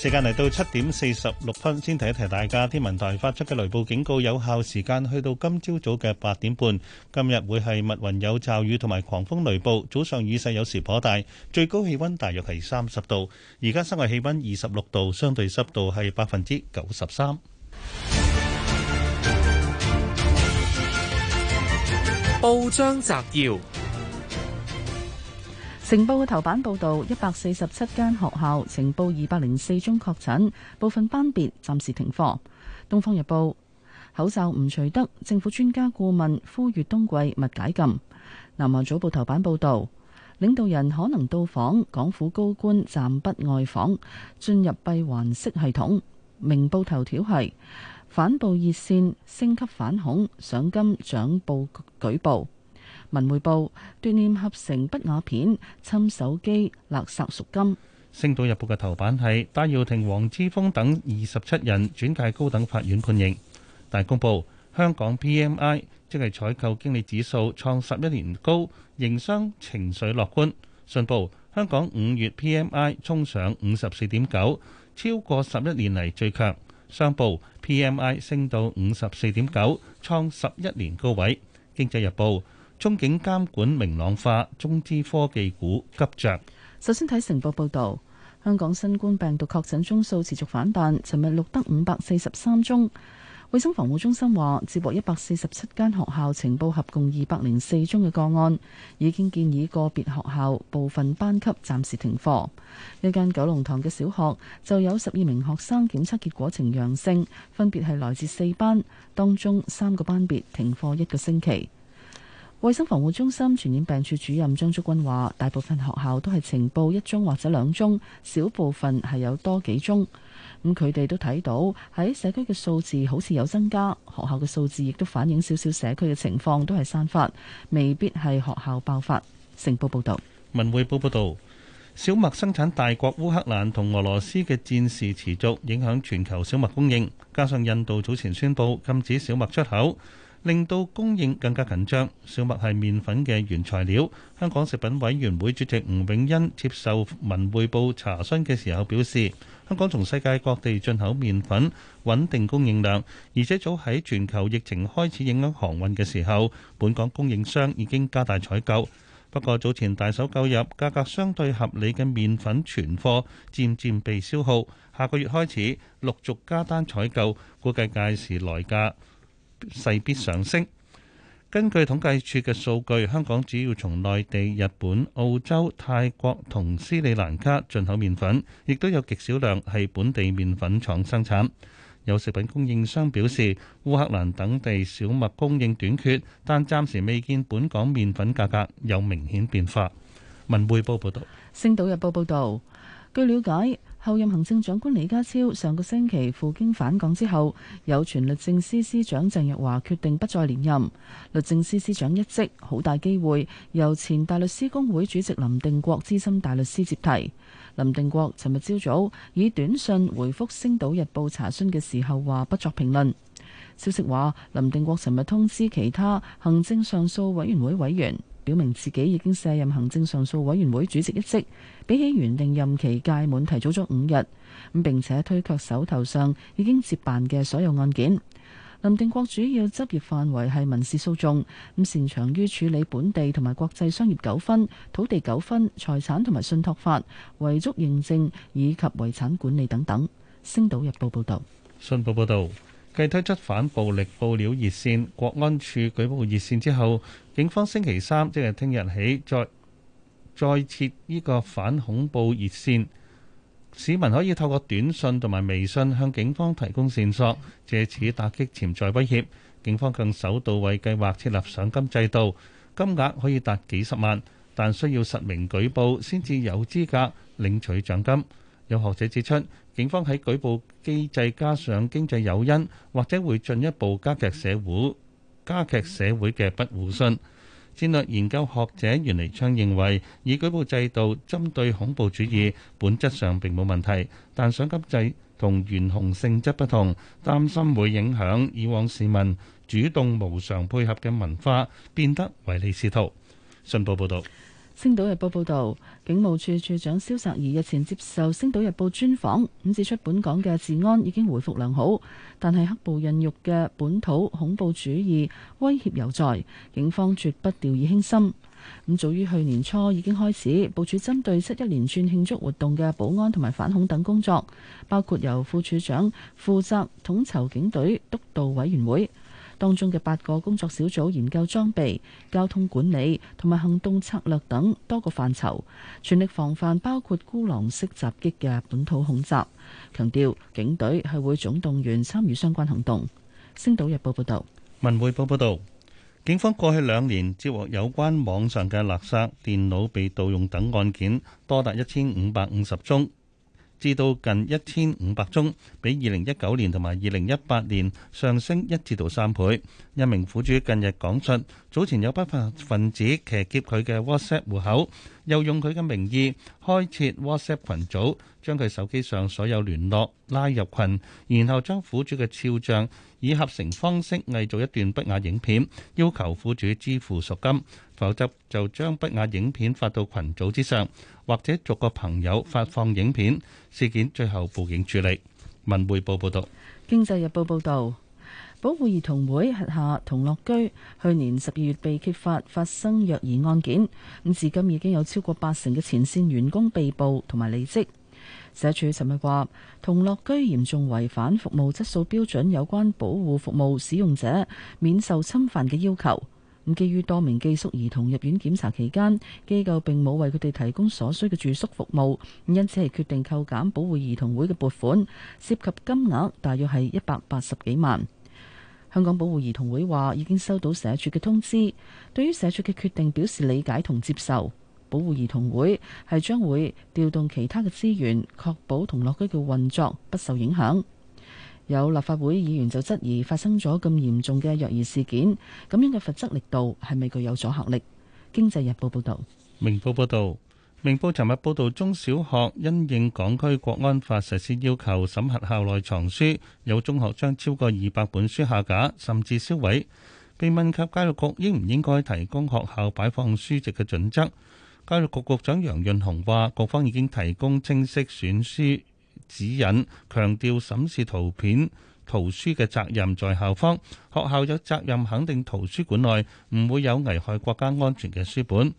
時間嚟到七點四十六分，先提一提大家，天文台發出嘅雷暴警告有效時間去到今朝早嘅八點半。今日會係密雲有驟雨同埋狂風雷暴，早上雨勢有時頗大，最高氣温大約係三十度。而家室外氣溫二十六度，相對濕度係百分之九十三。報章摘要。成報嘅頭版報導，一百四十七間學校呈報二百零四宗確診，部分班別暫時停課。《東方日報》口罩唔除得，政府專家顧問呼籲冬季勿解禁。南華早報頭版報導，領導人可能到訪，港府高官暫不外訪，進入閉環式系統。明報頭條係反暴熱線升級反恐，賞金獎報舉報。文匯報鍛煉合成不雅片，侵手機勒索贖金。星島日報嘅頭版係戴耀廷、黃之鋒等二十七人轉介高等法院判刑。大公報香港 P.M.I 即係採購經理指數創十一年高，營商情緒樂觀。信報香港五月 P.M.I 衝上五十四點九，超過十一年嚟最強。商報 P.M.I 升到五十四點九，創十一年高位。經濟日報。中景監管明朗化，中資科技股急漲。首先睇成報報導，香港新冠病毒確診宗數持續反彈，尋日錄得五百四十三宗。衛生防護中心話，接獲一百四十七間學校呈報，合共二百零四宗嘅個案，已經建議個別學校部分班級暫時停課。一間九龍塘嘅小學就有十二名學生檢測結果呈陽性，分別係來自四班，當中三個班別停課一個星期。衛生防護中心傳染病處主任張竹君話，大部分學校都係呈報一宗或者兩宗，少部分係有多幾宗。咁佢哋都睇到喺社區嘅數字好似有增加，學校嘅數字亦都反映少少社區嘅情況都係散發，未必係學校爆發。成報報道，文匯報報道，小麥生產大國烏克蘭同俄羅斯嘅戰事持續影響全球小麥供應，加上印度早前宣布禁止小麥出口，令到供應更加緊張。小麥係麵粉嘅原材料。香港食品委員會主席吳永恩接受文匯報查詢嘅時候表示，香港從世界各地進口麵粉，穩定供應量，而且早喺全球疫情開始影響航運嘅時候，本港供應商已經加大採購。不過早前大手購入價格相對合理嘅麵粉存貨，漸漸被消耗。下個月開始陸續加單採購，估計屆時來價。勢必上升。根據統計處嘅數據，香港主要從內地、日本、澳洲、泰國同斯里蘭卡進口麵粉，亦都有極少量係本地麵粉廠生產。有食品供應商表示，烏克蘭等地小麥供應短缺，但暫時未見本港麵粉價格有明顯變化。文匯報報道。《星島日報》報道，據了解。後任行政長官李家超上個星期赴京返港之後，有傳律政司司長鄭若驊決定不再連任律政司司長一職，好大機會由前大律師公會主席林定國資深大律師接替。林定國尋日朝早以短信回覆《星島日報》查詢嘅時候話不作評論。消息話林定國尋日通知其他行政上訴委員會委員。表明自己已經卸任行政上訴委員會主席一職，比起原定任期屆滿提早咗五日，咁並且推卻手頭上已經接辦嘅所有案件。林定國主要執業範圍係民事訴訟，咁擅長於處理本地同埋國際商業糾紛、土地糾紛、財產同埋信託法、遺囑認證以及遺產管理等等。星島日報報道。信報報導。繼推出反暴力報料熱線、國安處舉報熱線之後，警方星期三即係聽日起再再設呢個反恐怖熱線，市民可以透過短信同埋微信向警方提供線索，借此打擊潛在威脅。警方更首度為計劃設立賞金制度，金額可以達幾十萬，但需要實名舉報先至有資格領取獎金。有學者指出。警方喺舉報機制加上經濟誘因，或者會進一步加劇社會加劇社會嘅不互信。戰略研究學者袁彌昌認為，以舉報制度針對恐怖主義，本質上並冇問題，但賞金制同懸紅性質不同，擔心會影響以往市民主動無償配合嘅文化，變得唯利是圖。信報報道。《星島日報》報導，警務處處長蕭澤頤日前接受《星島日報》專訪，咁指出本港嘅治安已經恢復良好，但係黑暴孕育嘅本土恐怖主義威脅猶在，警方絕不掉以輕心。咁早於去年初已經開始部署針對七一連串慶祝活動嘅保安同埋反恐等工作，包括由副處長負責統籌警隊督導委員會。當中嘅八個工作小組研究裝備、交通管理同埋行動策略等多個範疇，全力防範包括孤狼式襲擊嘅本土恐襲。強調警隊係會總動員參與相關行動。《星島日報》報道，《文匯報》報道，警方過去兩年接獲有關網上嘅垃圾電腦被盜用等案件，多達一千五百五十宗。至到近一千五百宗，比二零一九年同埋二零一八年上升一至到三倍。一名苦主近日講出，早前有不法分子騎劫佢嘅 WhatsApp 戶口，又用佢嘅名義開設 WhatsApp 群組，將佢手機上所有聯絡拉入群，然後將苦主嘅肖像以合成方式偽造一段不雅影片，要求苦主支付贖，贖金，否則就將不雅影片發到群組之上。或者逐個朋友發放影片事件，最後報警處理。文匯報報道，《經濟日報》報道，保護兒童會轄下同樂居去年十二月被揭發發生虐兒案件，咁至今已經有超過八成嘅前線員工被捕同埋離職。社署尋日話，同樂居嚴重違反服務質素標準有關保護服務使用者免受侵犯嘅要求。咁基於多名寄宿兒童入院檢查期間，機構並冇為佢哋提供所需嘅住宿服務，因此係決定扣減保護兒童會嘅撥款，涉及金額大約係一百八十幾萬。香港保護兒童會話已經收到社署嘅通知，對於社署嘅決定表示理解同接受。保護兒童會係將會調動其他嘅資源，確保同樂居嘅運作不受影響。有立法會議員就質疑發生咗咁嚴重嘅虐兒事件，咁樣嘅罰則力度係咪具有阻嚇力？經濟日報報導，明報報導，明報尋日報導中小學因應港區國安法實施要求審核校內藏書，有中學將超過二百本書下架甚至銷毀。被問及教育局應唔應該提供學校擺放書籍嘅準則，教育局局長楊潤雄話：各方已經提供清晰選書。指引強調審視圖片圖書嘅責任在校方，學校有責任肯定圖書館內唔會有危害國家安全嘅書本。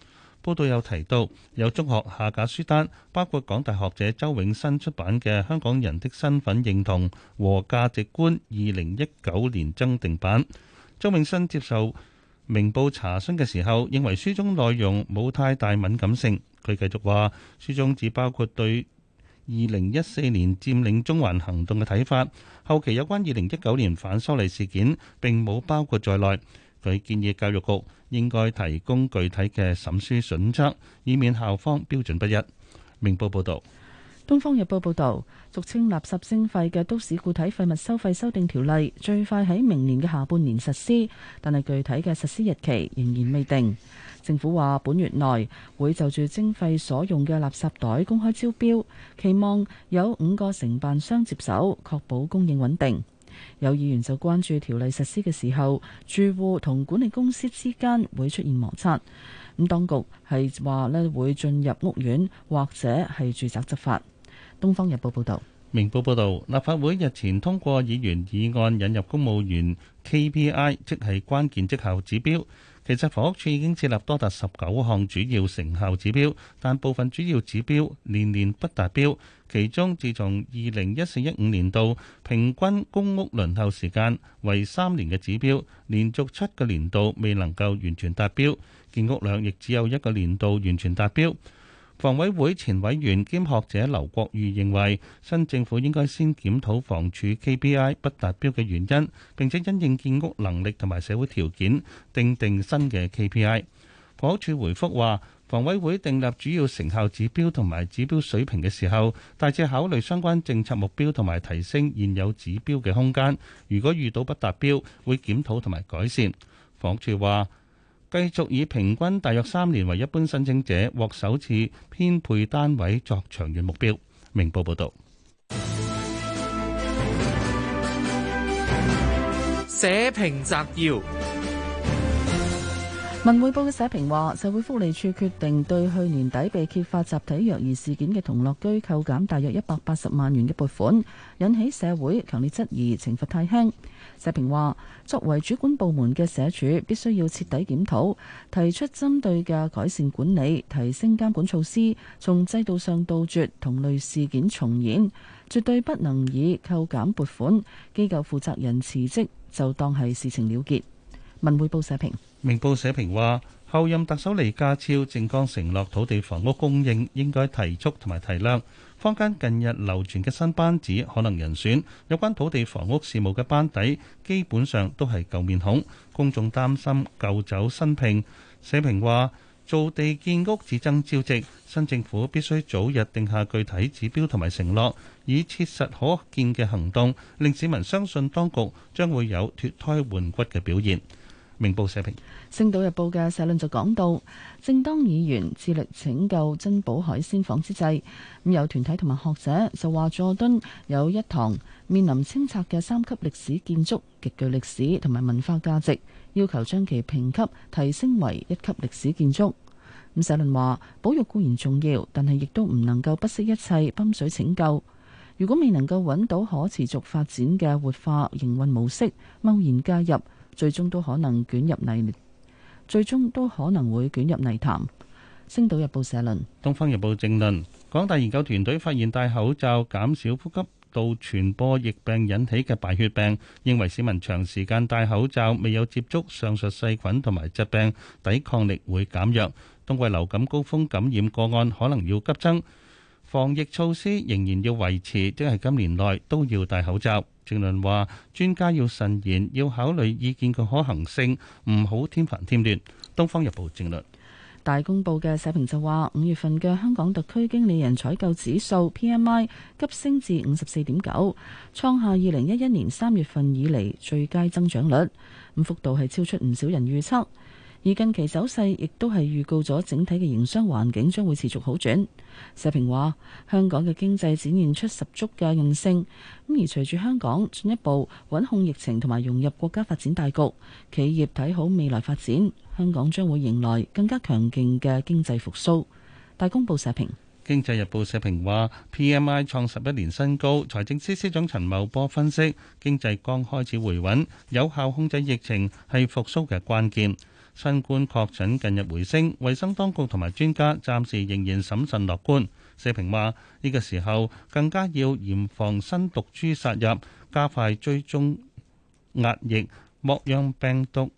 報道有提到有中學下架書單，包括港大學者周永新出版嘅《香港人的身份認同和價值觀》二零一九年增訂版。周永新接受明報查詢嘅時候，認為書中內容冇太大敏感性。佢繼續話：書中只包括對二零一四年佔領中環行動嘅睇法，後期有關二零一九年反修例事件並冇包括在內。佢建議教育局應該提供具體嘅審書準則，以免校方標準不一。明報報道：東方日報報道，俗稱垃圾徵費嘅都市固體廢物收費修訂條例最快喺明年嘅下半年實施，但係具體嘅實施日期仍然未定。政府話本月內會就住徵費所用嘅垃圾袋公開招標，期望有五個承辦商接手，確保供應穩定。有議員就關注條例實施嘅時候，住戶同管理公司之間會出現摩擦。咁當局係話咧會進入屋苑或者係住宅執法。《東方日報》報道。《明報》報道，立法會日前通過議員議案，引入公務員 KPI，即係關鍵績效指標。其實房屋署已經設立多達十九項主要成效指標，但部分主要指標年年不達標。其中自從二零一四一五年度平均公屋輪候時間為三年嘅指標，連續七個年度未能夠完全達標，建屋量亦只有一個年度完全達標。房委會前委員兼學者劉國裕認為，新政府應該先檢討房署 KPI 不達標嘅原因，並且因應建屋能力同埋社會條件定定新嘅 KPI。房署回覆話，房委會訂立主要成效指標同埋指標水平嘅時候，大致考慮相關政策目標同埋提升現有指標嘅空間。如果遇到不達標，會檢討同埋改善。房署話。繼續以平均大約三年為一般申請者獲首次編配單位作長遠目標。明報報道。社評摘要：文匯報嘅社評話，社會福利署決定對去年底被揭發集體虐兒事件嘅同樂居扣減大約一百八十萬元嘅撥款，引起社會強烈質疑，懲罰太輕。社評話：作為主管部門嘅社署，必須要徹底檢討，提出針對嘅改善管理、提升監管措施，從制度上杜絕同類事件重演。絕對不能以扣減撥款、機構負責人辭職就當係事情了結。文匯報社評、明報社評話。後任特首李家超，政綱承諾土地房屋供應應該提速同埋提量。坊間近日流傳嘅新班子可能人選，有關土地房屋事務嘅班底基本上都係舊面孔，公眾擔心舊酒新瓶。社評話，造地建屋只爭朝夕，新政府必須早日定下具體指標同埋承諾，以切實可見嘅行動，令市民相信當局將會有脫胎換骨的表現。明報社評，《星島日報》嘅社論就講到，正當議員致力拯救珍寶海鮮舫之際，咁有團體同埋學者就話，佐敦有一堂面臨清拆嘅三級歷史建築，極具歷史同埋文化價值，要求將其評級提升為一級歷史建築。咁社論話，保育固然重要，但係亦都唔能夠不惜一切泵水拯救。如果未能夠揾到可持續發展嘅活化營運模式，貿然介入，最終都可能捲入泥，最終都可能會捲入泥潭。星島日報社論，東方日報正論。港大研究團隊發現戴口罩減少呼吸道傳播疫病引起嘅白血病，認為市民長時間戴口罩未有接觸上述細菌同埋疾病，抵抗力會減弱，冬季流感高峰感染個案可能要急增。防疫措施仍然要維持，即係今年內都要戴口罩。政論話專家要慎言，要考慮意見嘅可行性，唔好添煩添亂。東方日報政論，大公報嘅社評就話五月份嘅香港特區經理人採購指數 PMI 急升至五十四點九，創下二零一一年三月份以嚟最佳增長率，咁幅度係超出唔少人預測。而近期走勢亦都係預告咗整體嘅營商環境將會持續好轉。社評話香港嘅經濟展現出十足嘅韌性，咁而隨住香港進一步穩控疫情同埋融入國家發展大局，企業睇好未來發展，香港將會迎來更加強勁嘅經濟復蘇。大公報社評、經濟日報社評話 p M I 創十一年新高，財政司司長陳茂波分析經濟剛開始回穩，有效控制疫情係復蘇嘅關鍵。新冠確診近日回升，衞生當局同埋專家暫時仍然審慎樂觀。社評話：呢個時候更加要嚴防新毒株殺入，加快追蹤壓抑，莫讓病毒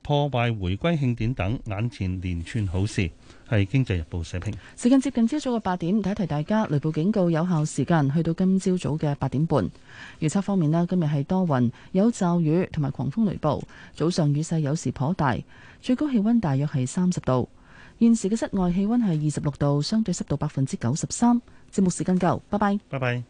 破壞回歸慶典等眼前連串好事。係《經濟日報》社評。時間接近朝早嘅八點，提一提大家雷暴警告有效時間去到今朝早嘅八點半。預測方面咧，今日係多雲，有驟雨同埋狂風雷暴，早上雨勢有時頗大。最高氣溫大約係三十度，現時嘅室外氣溫係二十六度，相對濕度百分之九十三。節目時間夠，拜拜，拜拜。